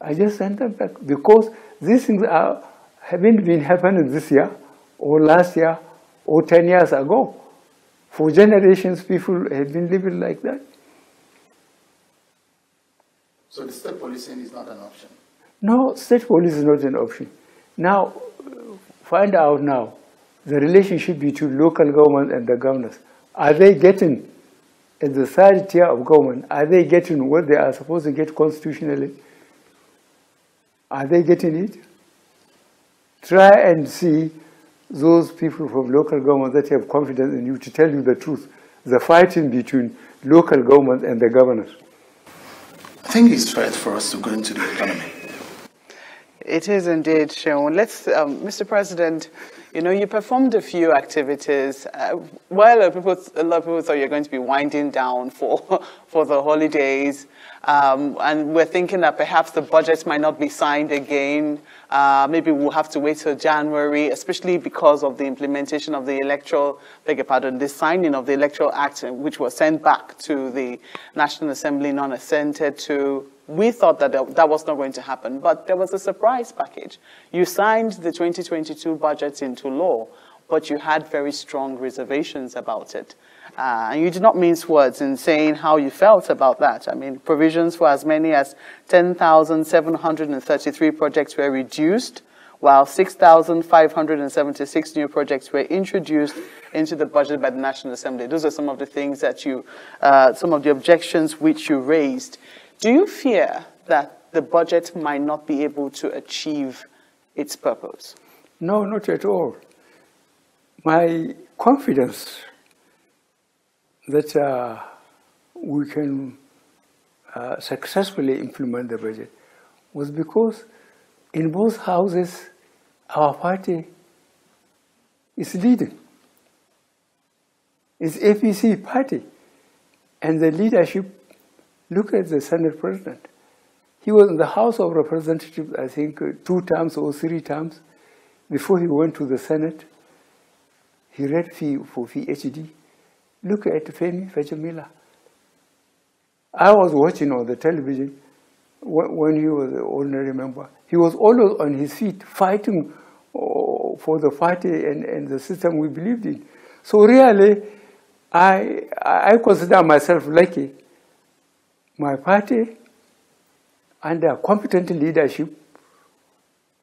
I just sent them back because these things are, haven't been happening this year or last year or 10 years ago. For generations, people have been living like that. So the state policing is not an option. No, state police is not an option. Now, find out now the relationship between local government and the governors. Are they getting, in the third tier of government, are they getting what they are supposed to get constitutionally? Are they getting it? Try and see those people from local government that have confidence in you to tell you the truth. The fighting between local government and the governors. I think it's fair for us to go into the economy. It is indeed, Sean. Let's, um, Mr. President, you know, you performed a few activities. Uh, well, a lot, people, a lot of people thought you're going to be winding down for, for the holidays. Um, and we're thinking that perhaps the budget might not be signed again. Uh, maybe we'll have to wait till January, especially because of the implementation of the electoral, beg your pardon, the signing of the Electoral Act, uh, which was sent back to the National Assembly non-assented to. We thought that that was not going to happen, but there was a surprise package. You signed the 2022 budget into law, but you had very strong reservations about it. Uh, and you did not mince words in saying how you felt about that. I mean, provisions for as many as 10,733 projects were reduced, while 6,576 new projects were introduced into the budget by the National Assembly. Those are some of the things that you, uh, some of the objections which you raised. Do you fear that the budget might not be able to achieve its purpose? No, not at all. My confidence that uh, we can uh, successfully implement the budget was because in both houses our party is leading. It's APC party and the leadership look at the Senate President. He was in the House of Representatives, I think, uh, two times or three times before he went to the Senate. He read for PhD. Look at Femi Fajamila. I was watching on the television when he was an ordinary member. He was always on his feet fighting uh, for the party and, and the system we believed in. So really, I, I consider myself lucky. My party, under competent leadership,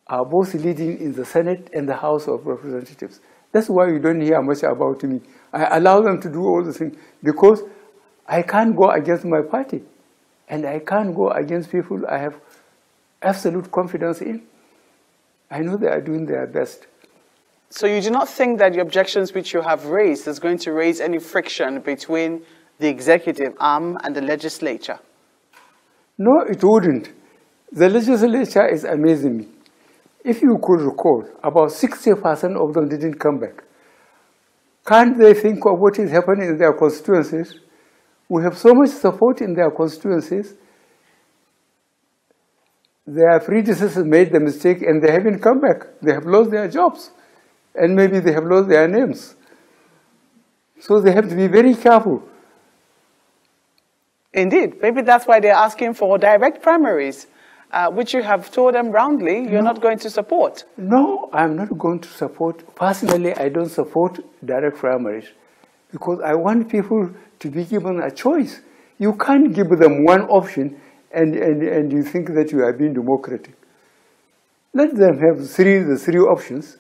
are both leading in the Senate and the House of Representatives. That's why you don't hear much about me. I allow them to do all the things because I can't go against my party and I can't go against people I have absolute confidence in. I know they are doing their best. So you do not think that the objections which you have raised is going to raise any friction between the executive arm um, and the legislature? No, it wouldn't. The legislature is amazing me. If you could recall, about 60% of them didn't come back. Can't they think of what is happening in their constituencies? We have so much support in their constituencies. Their predecessors made the mistake and they haven't come back. They have lost their jobs and maybe they have lost their names. So they have to be very careful. Indeed, maybe that's why they're asking for direct primaries uh, which you have told them roundly you're no. not going to support. No, I'm not going to support. Personally, I don't support direct primaries because I want people to be given a choice. You can't give them one option and, and, and you think that you are being democratic. Let them have three, the three options.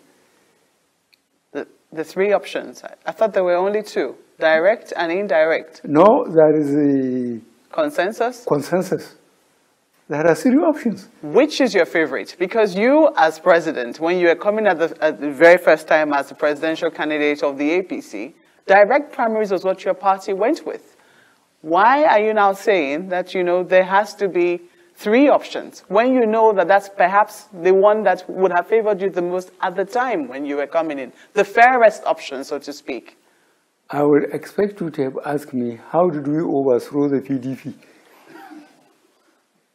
The, the three options? I thought there were only two, direct and indirect. No, there is a... Consensus? Consensus there are three options. Which is your favorite? Because you, as president, when you were coming at the, at the very first time as the presidential candidate of the APC, direct primaries was what your party went with. Why are you now saying that, you know, there has to be three options when you know that that's perhaps the one that would have favored you the most at the time when you were coming in, the fairest option, so to speak? I would expect you to have asked me, how did we overthrow the PDP?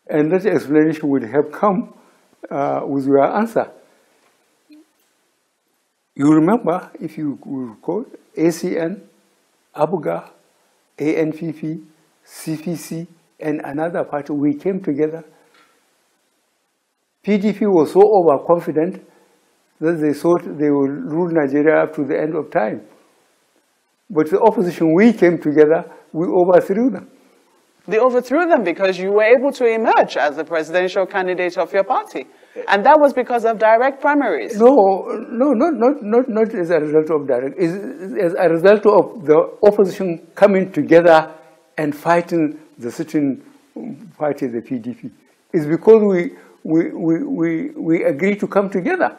And that explanation would have come uh, with your answer. You remember, if you recall, ACN, ABGA, ANPP, CPC, and another party, we came together. PDP was so overconfident that they thought they would rule Nigeria up to the end of time. But the opposition, we came together, we overthrew them. They overthrew them because you were able to emerge as the presidential candidate of your party. And that was because of direct primaries. No, no, not, not, not, not as a result of direct, it's, as a result of the opposition coming together and fighting the certain party, the PDP. It's because we, we, we, we, we agreed to come together.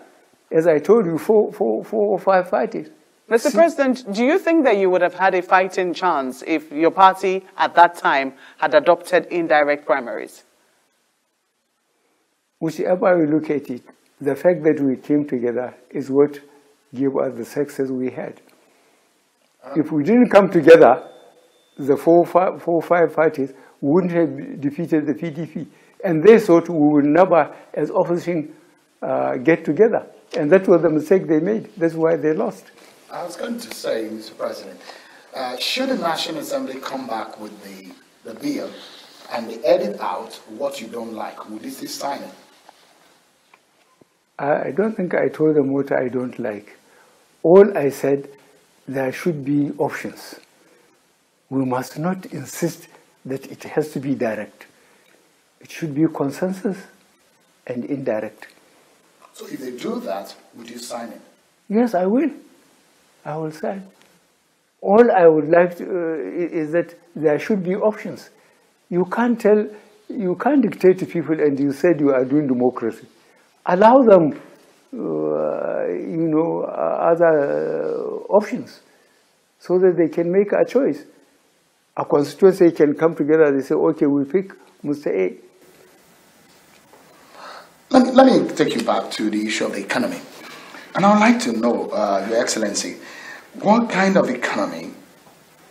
As I told you, four, four, four or five parties. Mr. See, President, do you think that you would have had a fighting chance if your party at that time had adopted indirect primaries? Whichever we look at it, the fact that we came together is what gave us the success we had. if we didn't come together, the four, five, four, five parties wouldn't have defeated the PDP. And they thought we would never, as opposition, uh, get together. And that was the mistake they made. That's why they lost. I was going to say, Mr. President, uh, should the National Assembly come back with the, the bill and edit out what you don't like, would this sign it? I don't think I told them what I don't like. All I said, there should be options. We must not insist that it has to be direct. It should be consensus and indirect. So if they do that, would you sign it? Yes, I will. I will say, all I would like to, uh, is that there should be options. You can't tell, you can't dictate to people and you said you are doing democracy. Allow them, uh, you know, uh, other uh, options so that they can make a choice. A constituency can come together, they say, okay, we pick Mr. A. Let me, let me take you back to the issue of the economy. And I would like to know, uh, Your Excellency, what kind of economy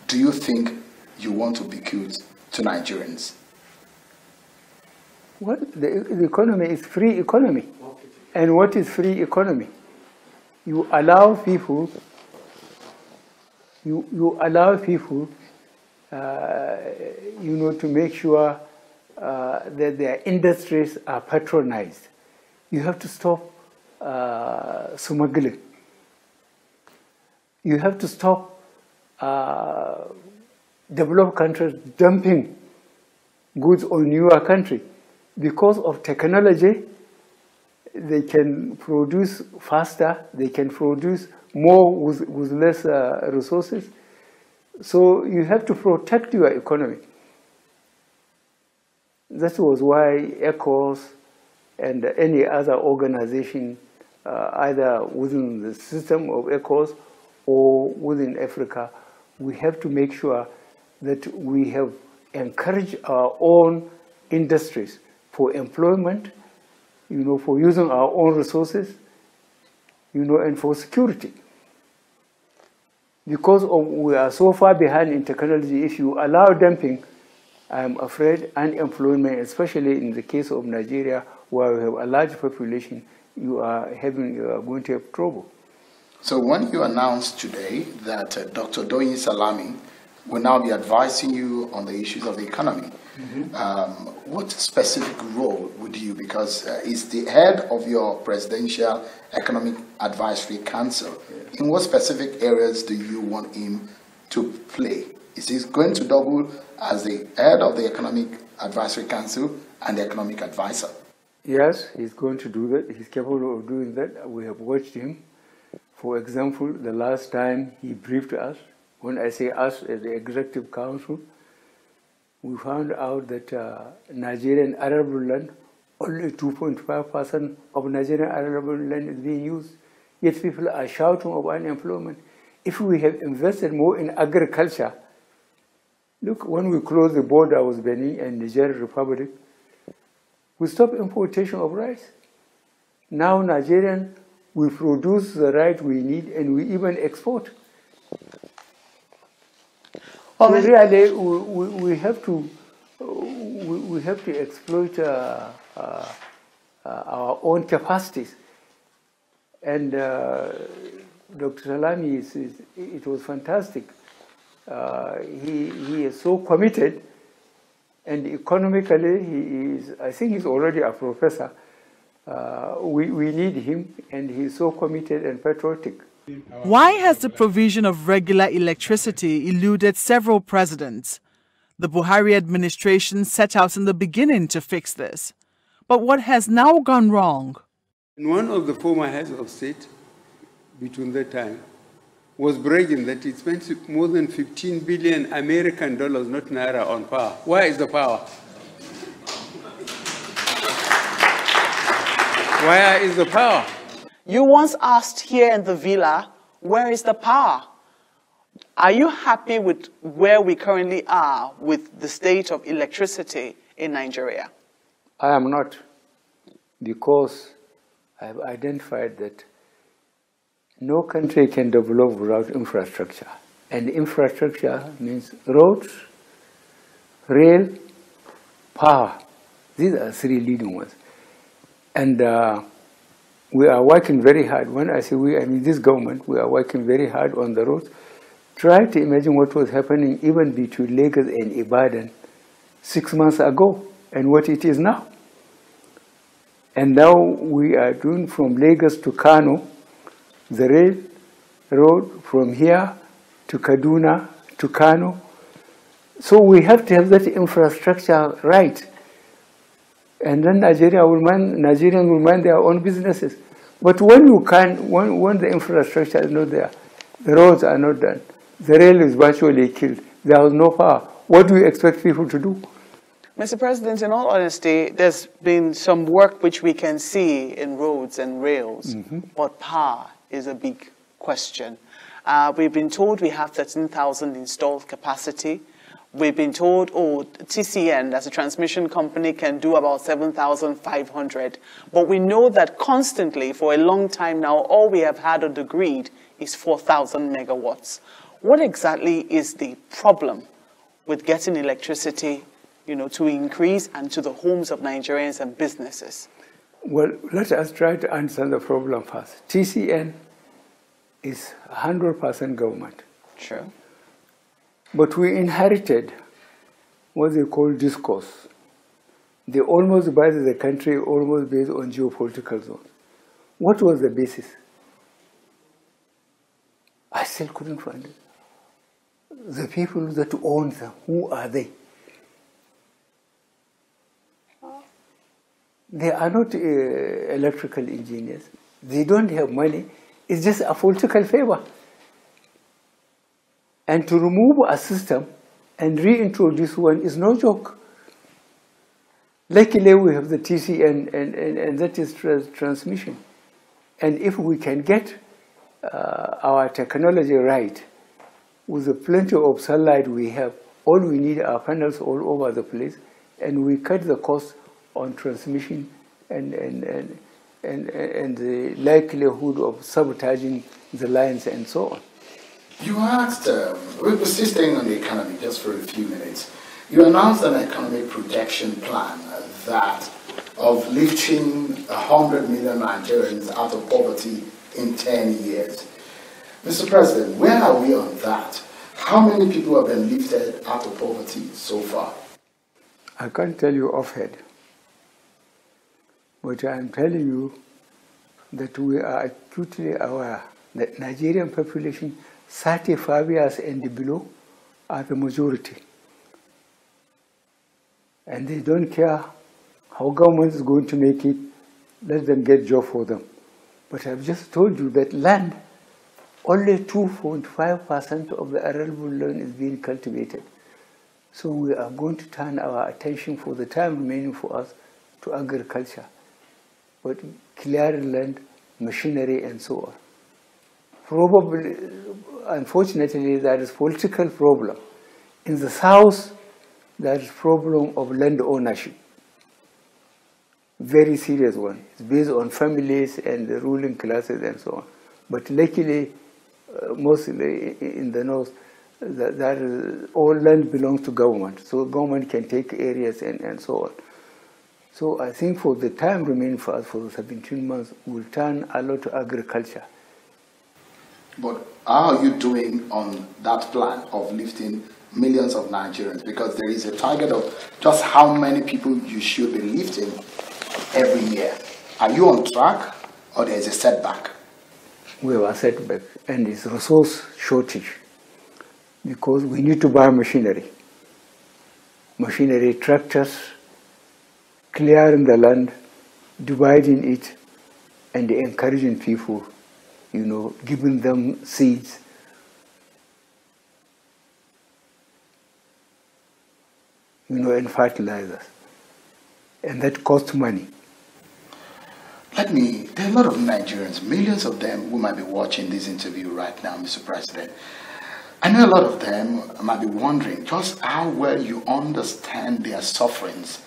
do you think you want to bequeath to Nigerians? Well, the, the economy is free economy. And what is free economy? You allow people, you, you allow people, uh, you know, to make sure uh, that their industries are patronized. You have to stop uh, you have to stop stop uh, developed countries dumping goods on your country. Because of technology, they can produce faster, they can produce more with, with less uh, resources. So you have to protect your economy. That was why ECOS and any other organization uh, either within the system of ECOWAS or within Africa, we have to make sure that we have encouraged our own industries for employment, you know, for using our own resources, you know, and for security. Because of, we are so far behind in technology, if you allow dumping, I'm afraid unemployment, especially in the case of Nigeria, where we have a large population, you are having you are going to have trouble. So when you announced today that uh, Dr. Doyin Salami will now be advising you on the issues of the economy, mm -hmm. um, what specific role would you, because uh, he's the head of your Presidential Economic Advisory Council, yes. in what specific areas do you want him to play? Is he going to double as the head of the Economic Advisory Council and the Economic Advisor? Yes, he's going to do that. He's capable of doing that. We have watched him. For example, the last time he briefed us, when I say us as the Executive Council, we found out that uh, Nigerian arable land, only 2.5% of Nigerian arable land is being used. Yet people are shouting of unemployment. If we have invested more in agriculture, look, when we closed the border with Benin and Nigeria Republic, we stop importation of rice. Now Nigerian, we produce the rice we need and we even export. Oh, so really, we, we, we, have to we, we have to exploit uh, uh, our own capacities. And uh, Dr. Salami, is, is, it was fantastic. Uh, he, he is so committed and economically, he is, I think he's already a professor. Uh, we, we need him, and he's so committed and patriotic. Why has the provision of regular electricity eluded several presidents? The Buhari administration set out in the beginning to fix this. But what has now gone wrong? one of the former heads of state, between that time, was bragging that he spent more than 15 billion American dollars, not Naira, on power. Where is the power? Where is the power? You once asked here in the villa, where is the power? Are you happy with where we currently are with the state of electricity in Nigeria? I am not, because I've identified that no country can develop without infrastructure. And infrastructure means roads, rail, power. These are three leading ones. And uh, we are working very hard. When I say we, I mean this government, we are working very hard on the roads. Try to imagine what was happening even between Lagos and Ibadan six months ago and what it is now. And now we are doing from Lagos to Kano, the rail road from here to Kaduna to Kano. So we have to have that infrastructure right. And then Nigeria will mind, Nigerian will mind their own businesses. But when you can, when, when the infrastructure is not there, the roads are not done, the rail is virtually killed, there is no power. What do you expect people to do? Mr. President, in all honesty, there's been some work which we can see in roads and rails, mm -hmm. but power is a big question. Uh, we've been told we have 13,000 installed capacity. We've been told, oh, TCN, as a transmission company, can do about 7,500. But we know that constantly, for a long time now, all we have had on the grid is 4,000 megawatts. What exactly is the problem with getting electricity you know, to increase and to the homes of Nigerians and businesses? Well, let us try to answer the problem first. TCN is 100% government. True. But we inherited what they call discourse. They almost buy the country almost based on geopolitical zones. What was the basis? I still couldn't find it. The people that own them, who are they? They are not uh, electrical engineers. They don't have money. It's just a political favor. And to remove a system and reintroduce one is no joke. Luckily, we have the TC and, and, and, and that is transmission. And if we can get uh, our technology right, with the plenty of sunlight we have, all we need are panels all over the place, and we cut the cost on transmission and, and, and, and, and the likelihood of sabotaging the lines and so on. You asked, um, we're staying on the economy just for a few minutes. You announced an economic protection plan uh, that of lifting 100 million Nigerians out of poverty in 10 years. Mr. President, where are we on that? How many people have been lifted out of poverty so far? I can't tell you offhand. But I'm telling you that we are acutely aware that Nigerian population 35 years and below are the majority. And they don't care how government is going to make it, let them get job for them. But I've just told you that land, only 2.5% of the arable land is being cultivated. So we are going to turn our attention for the time remaining for us to agriculture but clear land, machinery, and so on. Probably, unfortunately, there is political problem. In the south, there is problem of land ownership. Very serious one. It's based on families and the ruling classes and so on. But luckily, uh, mostly in the north, that, that is, all land belongs to government. So government can take areas and, and so on. So I think for the time remaining for us for the 17 months, we'll turn a lot to agriculture. But how are you doing on that plan of lifting millions of Nigerians? Because there is a target of just how many people you should be lifting every year. Are you on track or there is a setback? We have a setback and it's resource shortage because we need to buy machinery. Machinery, tractors, clearing the land, dividing it, and encouraging people, you know, giving them seeds. You know, and fertilizers. And that costs money. Let me, there are a lot of Nigerians, millions of them who might be watching this interview right now, Mr. President. I know a lot of them might be wondering just how well you understand their sufferings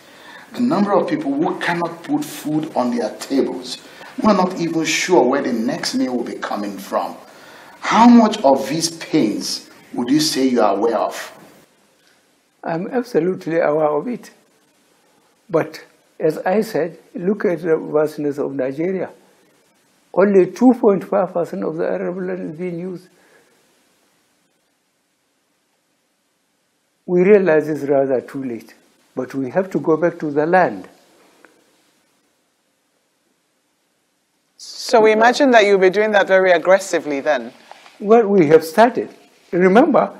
the number of people who cannot put food on their tables, who are not even sure where the next meal will be coming from. How much of these pains would you say you are aware of? I'm absolutely aware of it. But as I said, look at the vastness of Nigeria. Only 2.5% of the arable land is being used. We realize this rather too late. But we have to go back to the land. So we imagine that you'll be doing that very aggressively then. Well, we have started. Remember,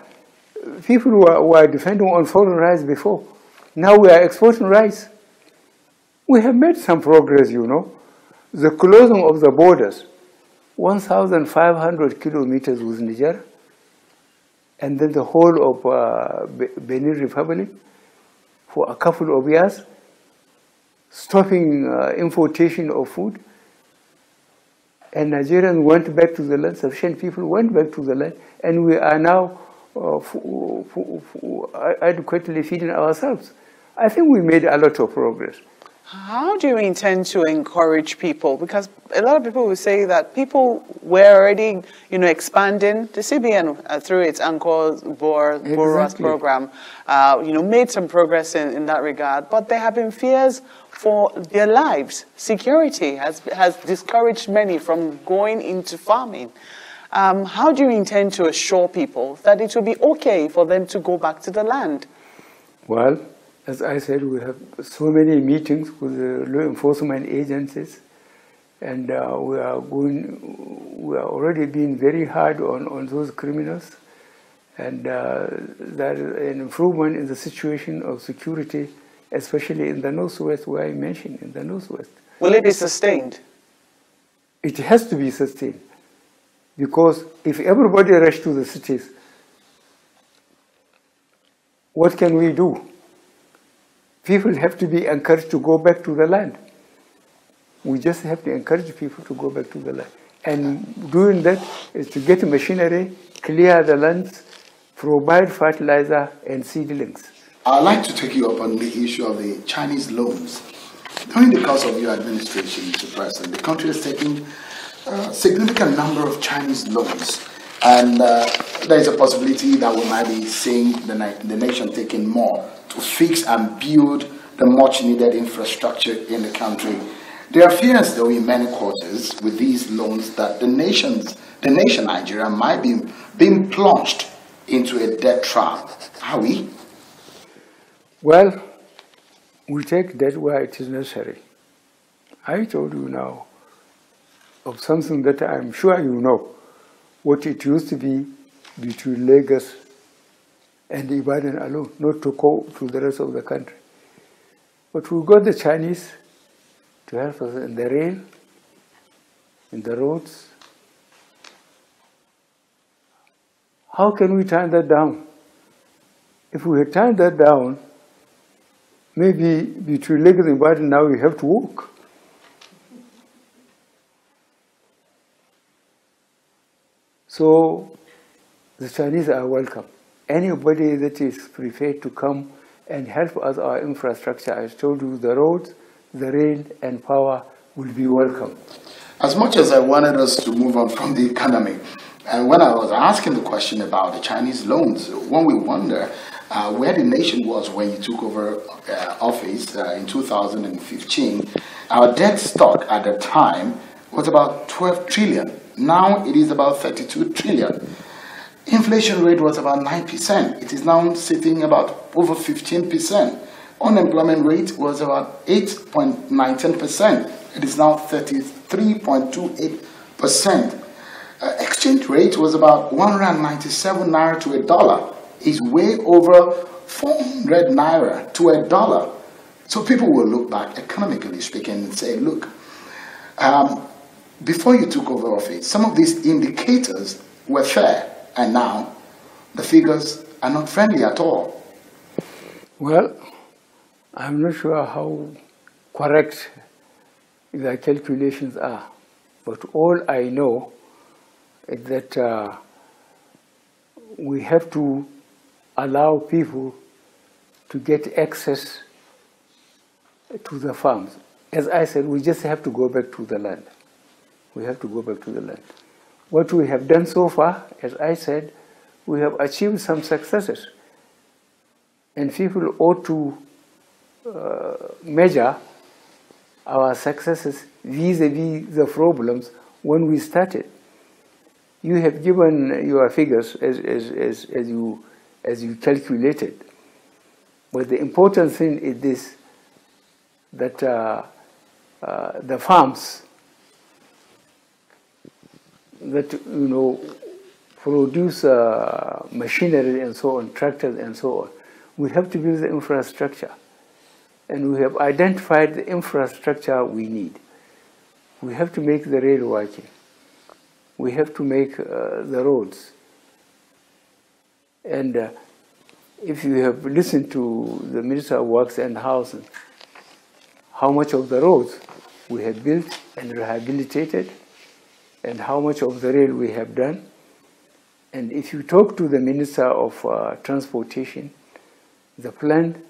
people were, were on foreign rice before. Now we are exporting rice. We have made some progress, you know. The closing of the borders, 1,500 kilometers with Niger, and then the whole of uh, Benin Republic, for a couple of years, stopping uh, importation of food. And Nigerians went back to the land, sufficient people went back to the land, and we are now uh, adequately feeding ourselves. I think we made a lot of progress. How do you intend to encourage people? Because a lot of people will say that people were already, you know, expanding the CBN uh, through its anchor Bor exactly. program. Uh, you know, made some progress in, in that regard, but there have been fears for their lives. Security has has discouraged many from going into farming. Um, how do you intend to assure people that it will be okay for them to go back to the land? Well, as I said, we have so many meetings with the law enforcement agencies, and uh, we are going, we are already being very hard on, on those criminals, and uh, an improvement in the situation of security, especially in the northwest, where I mentioned in the northwest. Will it be sustained? It has to be sustained, because if everybody rush to the cities, what can we do? people have to be encouraged to go back to the land. We just have to encourage people to go back to the land. And doing that is to get machinery, clear the lands, provide fertilizer and seedlings. I'd like to take you up on the issue of the Chinese loans. During the course of your administration, Mr. President, the country is taking a significant number of Chinese loans and uh, there's a possibility that we might be seeing the, the nation taking more to fix and build the much needed infrastructure in the country. There are fears, though, in many quarters with these loans that the, nations, the nation Nigeria might be being plunged into a debt trap. Are we? Well, we take debt where it is necessary. I told you now of something that I'm sure you know what it used to be between Lagos and Ibadan alone, not to go to the rest of the country. But we got the Chinese to help us in the rail, in the roads. How can we turn that down? If we had turned that down, maybe between Lagos and Ibadan now we have to walk. So the Chinese are welcome. Anybody that is prepared to come and help us our infrastructure, I told you the roads, the rail and power will be welcome. As much as I wanted us to move on from the economy, and uh, when I was asking the question about the Chinese loans, one we wonder uh, where the nation was when you took over uh, office uh, in 2015. Our debt stock at the time was about 12 trillion. Now it is about 32 trillion. Inflation rate was about 9%. It is now sitting about over 15%. Unemployment rate was about 8.19%. It is now 33.28%. Uh, exchange rate was about 197 naira to a dollar. It's way over 400 naira to a dollar. So people will look back, economically speaking, and say, look, um, before you took over office, some of these indicators were fair, and now the figures are not friendly at all. Well, I'm not sure how correct the calculations are, but all I know is that uh, we have to allow people to get access to the farms. As I said, we just have to go back to the land we have to go back to the land. What we have done so far, as I said, we have achieved some successes. And people ought to uh, measure our successes vis-a-vis -vis the problems when we started. You have given your figures as, as, as, as, you, as you calculated. But the important thing is this, that uh, uh, the farms that you know produce uh, machinery and so on, tractors and so on. We have to build the infrastructure, and we have identified the infrastructure we need. We have to make the rail working. We have to make uh, the roads. And uh, if you have listened to the Minister of Works and Housing, how much of the roads we have built and rehabilitated, and how much of the rail we have done. And if you talk to the Minister of uh, Transportation, the planned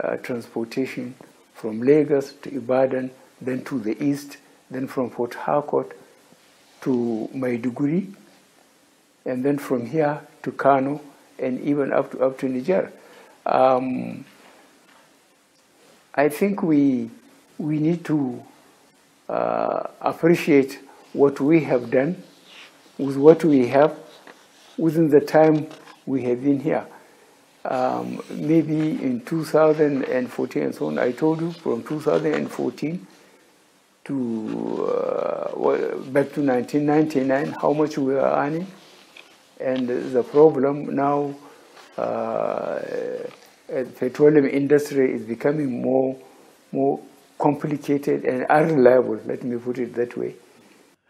uh, transportation from Lagos to Ibadan, then to the east, then from Port Harcourt to Maiduguri, and then from here to Kano, and even up to, up to Niger. Um, I think we, we need to uh, appreciate what we have done with what we have within the time we have been here. Um, maybe in 2014 and so on, I told you from 2014 to uh, well, back to 1999 how much we are earning and the problem now uh, petroleum industry is becoming more more complicated and unreliable let me put it that way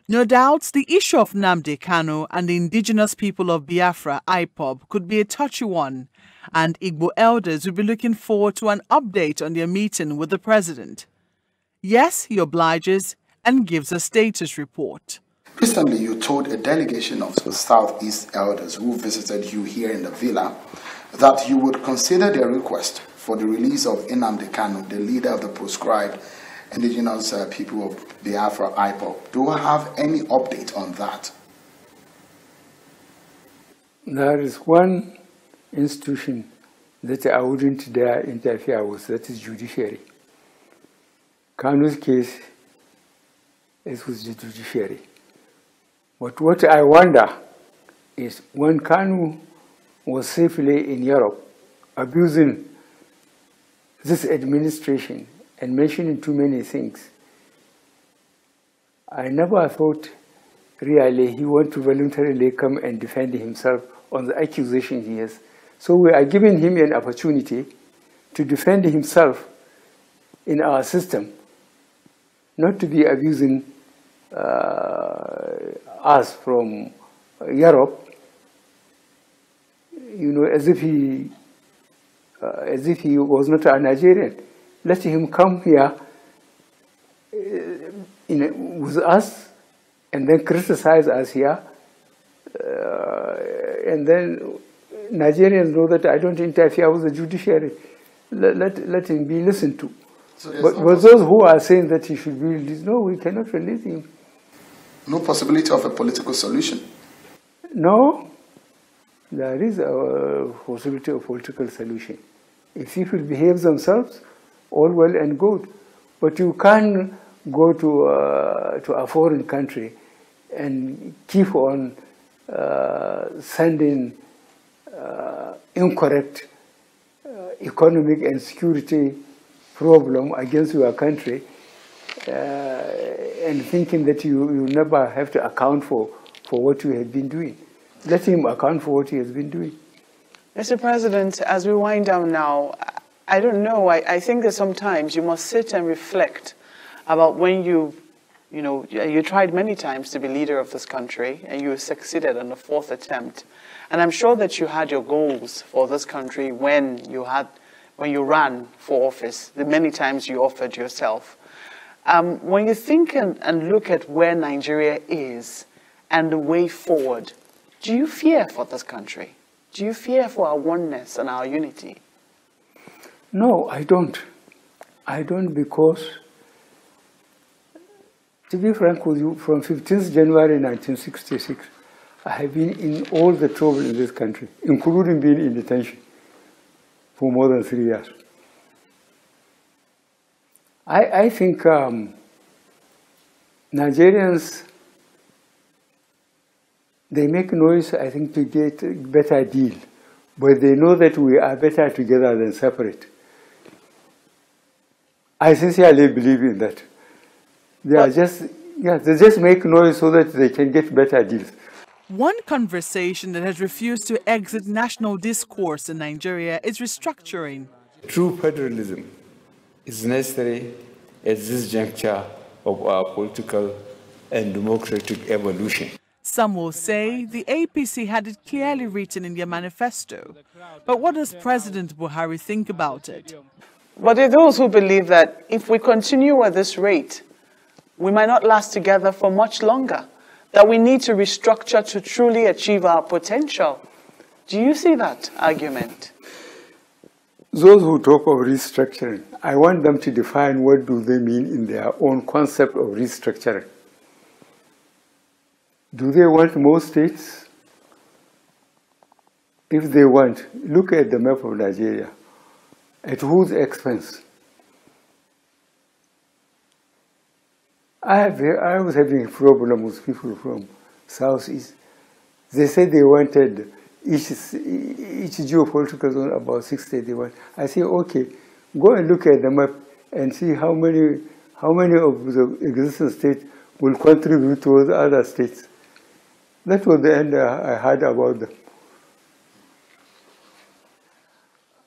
no doubt, the issue of Namde Kanu and the indigenous people of Biafra, IPOB, could be a touchy one, and Igbo elders will be looking forward to an update on their meeting with the president. Yes, he obliges and gives a status report. Recently, you told a delegation of the Southeast elders who visited you here in the villa that you would consider their request for the release of Inamde Kanu, the leader of the proscribed indigenous uh, people of Biafra, IPOP. Do I have any update on that? There is one institution that I wouldn't dare interfere with, that is judiciary. Kanu's case is with the judiciary. But what I wonder is when Kanu was safely in Europe abusing this administration and mentioning too many things. I never thought really he want to voluntarily come and defend himself on the accusation he has. So we are giving him an opportunity to defend himself in our system, not to be abusing uh, us from Europe, you know, as if he, uh, as if he was not a Nigerian let him come here uh, in, with us and then criticize us here. Uh, and then Nigerians know that I don't interfere with the judiciary. Let, let, let him be listened to. So but, but those who are saying that he should be released, no, we cannot release him. No possibility of a political solution? No, there is a possibility of political solution. If people behave themselves, all well and good. But you can not go to, uh, to a foreign country and keep on uh, sending uh, incorrect uh, economic and security problem against your country uh, and thinking that you, you never have to account for, for what you have been doing. Let him account for what he has been doing. Mr. President, as we wind down now, I don't know. I, I think that sometimes you must sit and reflect about when you, you know, you tried many times to be leader of this country and you succeeded on the fourth attempt. And I'm sure that you had your goals for this country when you had, when you ran for office, the many times you offered yourself. Um, when you think and, and look at where Nigeria is and the way forward, do you fear for this country? Do you fear for our oneness and our unity? No, I don't. I don't because, to be frank with you, from 15th January 1966, I have been in all the trouble in this country, including being in detention for more than three years. I, I think um, Nigerians, they make noise, I think, to get a better deal, but they know that we are better together than separate. I sincerely believe in that. They are just, yeah, they just make noise so that they can get better deals. One conversation that has refused to exit national discourse in Nigeria is restructuring. True federalism is necessary at this juncture of our political and democratic evolution. Some will say the APC had it clearly written in their manifesto. But what does President Buhari think about it? But there are those who believe that if we continue at this rate, we might not last together for much longer, that we need to restructure to truly achieve our potential. Do you see that argument? Those who talk of restructuring, I want them to define what do they mean in their own concept of restructuring. Do they want more states? If they want, look at the map of Nigeria. At whose expense? I, have, I was having a problem with people from Southeast. They said they wanted each, each geopolitical zone about 631. I say, okay, go and look at the map and see how many, how many of the existing states will contribute towards other states. That was the end I had about them.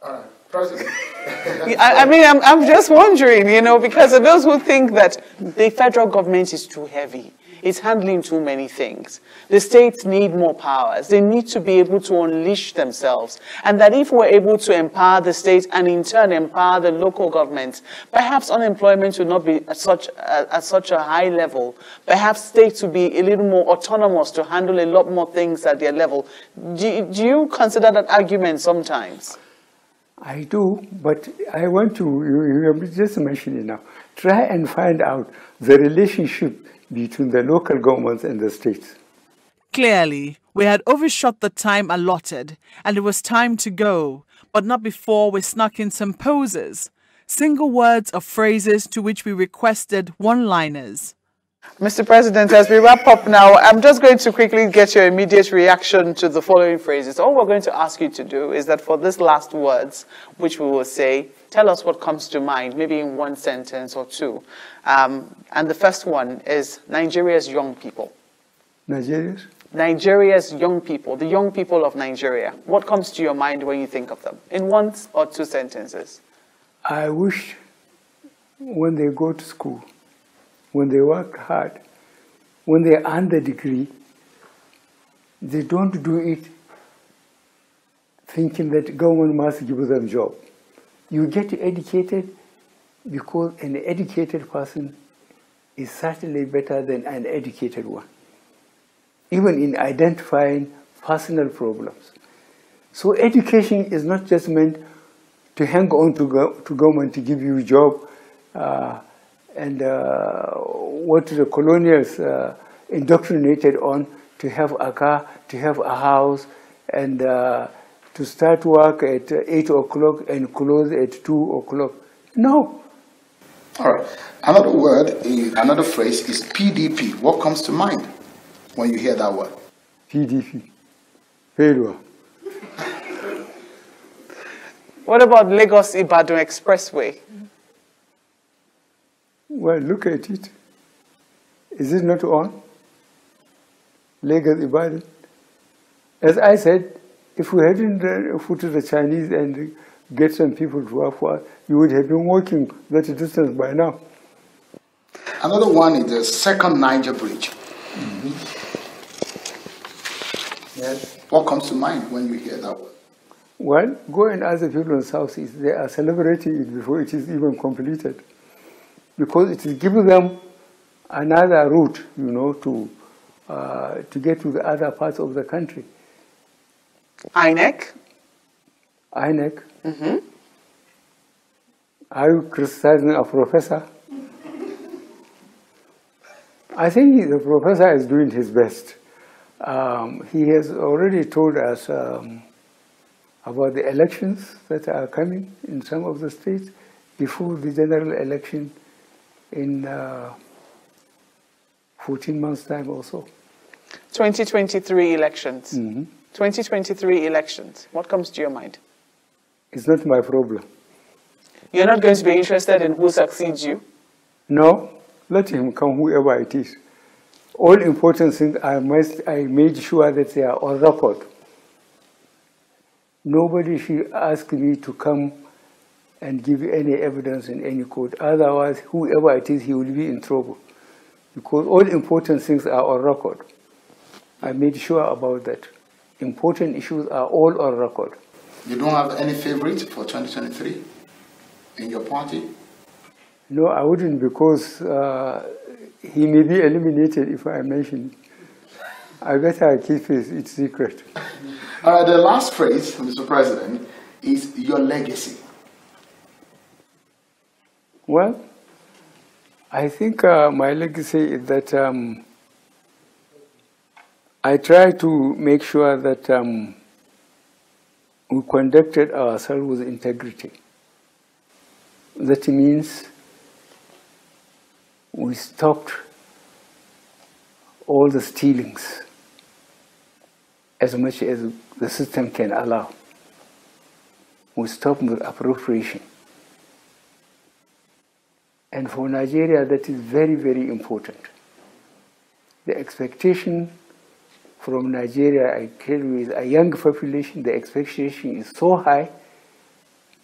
Uh, President. I, I, mean, I'm, I'm just wondering, you know, because of those who think that the federal government is too heavy, it's handling too many things. The states need more powers. They need to be able to unleash themselves. And that if we're able to empower the states and in turn empower the local governments, perhaps unemployment would not be at such, a, at such a high level. Perhaps states would be a little more autonomous to handle a lot more things at their level. Do, do you consider that argument sometimes? I do, but I want to, you, you just mentioned it now, try and find out the relationship between the local governments and the states. Clearly, we had overshot the time allotted, and it was time to go, but not before we snuck in some poses, single words or phrases to which we requested one liners. Mr. President, as we wrap up now, I'm just going to quickly get your immediate reaction to the following phrases. All we're going to ask you to do is that for these last words, which we will say, tell us what comes to mind, maybe in one sentence or two. Um, and the first one is Nigeria's young people. Nigeria's? Nigeria's young people, the young people of Nigeria. What comes to your mind when you think of them, in one or two sentences? I wish when they go to school, when they work hard, when they earn the degree, they don't do it thinking that government must give them job. You get educated because an educated person is certainly better than an educated one, even in identifying personal problems. So education is not just meant to hang on to, go, to government to give you a job uh, and uh, what the colonials uh, indoctrinated on to have a car, to have a house, and uh, to start work at 8 o'clock and close at 2 o'clock. No. All right. Another word, eh, another phrase is PDP. What comes to mind when you hear that word? PDP. Failure. what about Lagos Ibadan Expressway? Well, look at it. Is it not on? Legal Ibadat. As I said, if we hadn't fought the Chinese and get some people to work for us, you would have been walking that distance by now. Another one is the second Niger Bridge. Mm -hmm. Yes. What comes to mind when you hear that one? Well, go and ask the people in the East. They are celebrating it before it is even completed because it is giving them another route, you know, to, uh, to get to the other parts of the country. INEC? INEC? Mm-hmm. Are you criticizing a professor? I think the professor is doing his best. Um, he has already told us um, about the elections that are coming in some of the states before the general election in uh, 14 months' time also. 2023 elections. Mm-hmm. 2023 elections. What comes to your mind? It's not my problem. You're not going to be interested in who succeeds you? No. Let him come, whoever it is. All important things, I, must, I made sure that they are on record. Nobody should ask me to come and give any evidence in any court. Otherwise, whoever it is, he will be in trouble because all important things are on record. I made sure about that. Important issues are all on record. You don't have any favorite for 2023 in your party? No, I wouldn't because uh, he may be eliminated if I mention it. I better keep his, it secret. the last phrase, Mr. President, is your legacy. Well, I think uh, my legacy is that um, I try to make sure that um, we conducted ourselves with integrity. That means we stopped all the stealings as much as the system can allow. We stopped the appropriation. And for Nigeria, that is very, very important. The expectation from Nigeria, I tell you, is a young population, the expectation is so high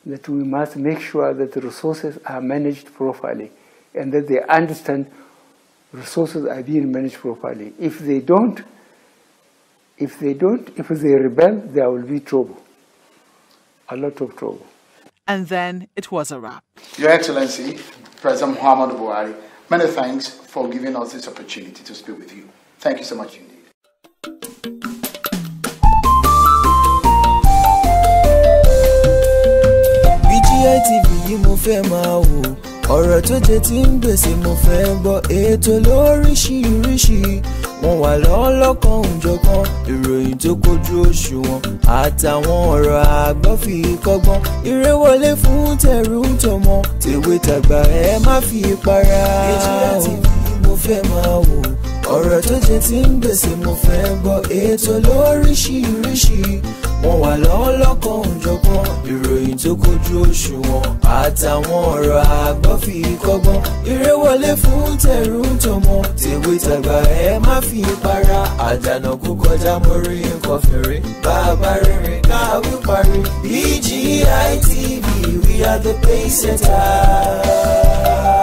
that we must make sure that the resources are managed properly and that they understand resources are being managed properly. If they don't, if they don't, if they rebel, there will be trouble, a lot of trouble. And then it was a wrap. Your Excellency, President Muhammad Buhari, many thanks for giving us this opportunity to speak with you. Thank you so much indeed. ọ̀rọ̀ tó jẹ ti ń gbèsè mo fẹ́ gbọ́ ètò lóríṣiríṣi wọ́n wà lọ́lọ́kan òjọ̀kan ìròyìn tó kojú òṣùwọ̀n àtàwọn ọ̀rọ̀ àgbọ́ fi kọ́gbọ́n eré wọlé fún tẹ̀rù ń tọmọ tèwe tàgbà ẹ má fi para. ètò láti fi mo fẹ́ máa wò ó ọ̀rọ̀ tó jẹ ti ń gbèsè mo fẹ́ gbọ́ ètò lóríṣiríṣi wọ́n wà lọ́wọ́ lọ́kàn òjọ̀gbọ́n ìròyìn tó kojú òṣùwọ̀n àtàwọn ọ̀rọ̀ àgbọ́ fi kọ́gbọ́n eré wọlé fún tẹ̀rù tọmọ tèwe tàgbà ẹ má fi para àdànà kú kọjá mórí nǹkan fèrè bàbá rere káwí parí BGI TV we are the pace setters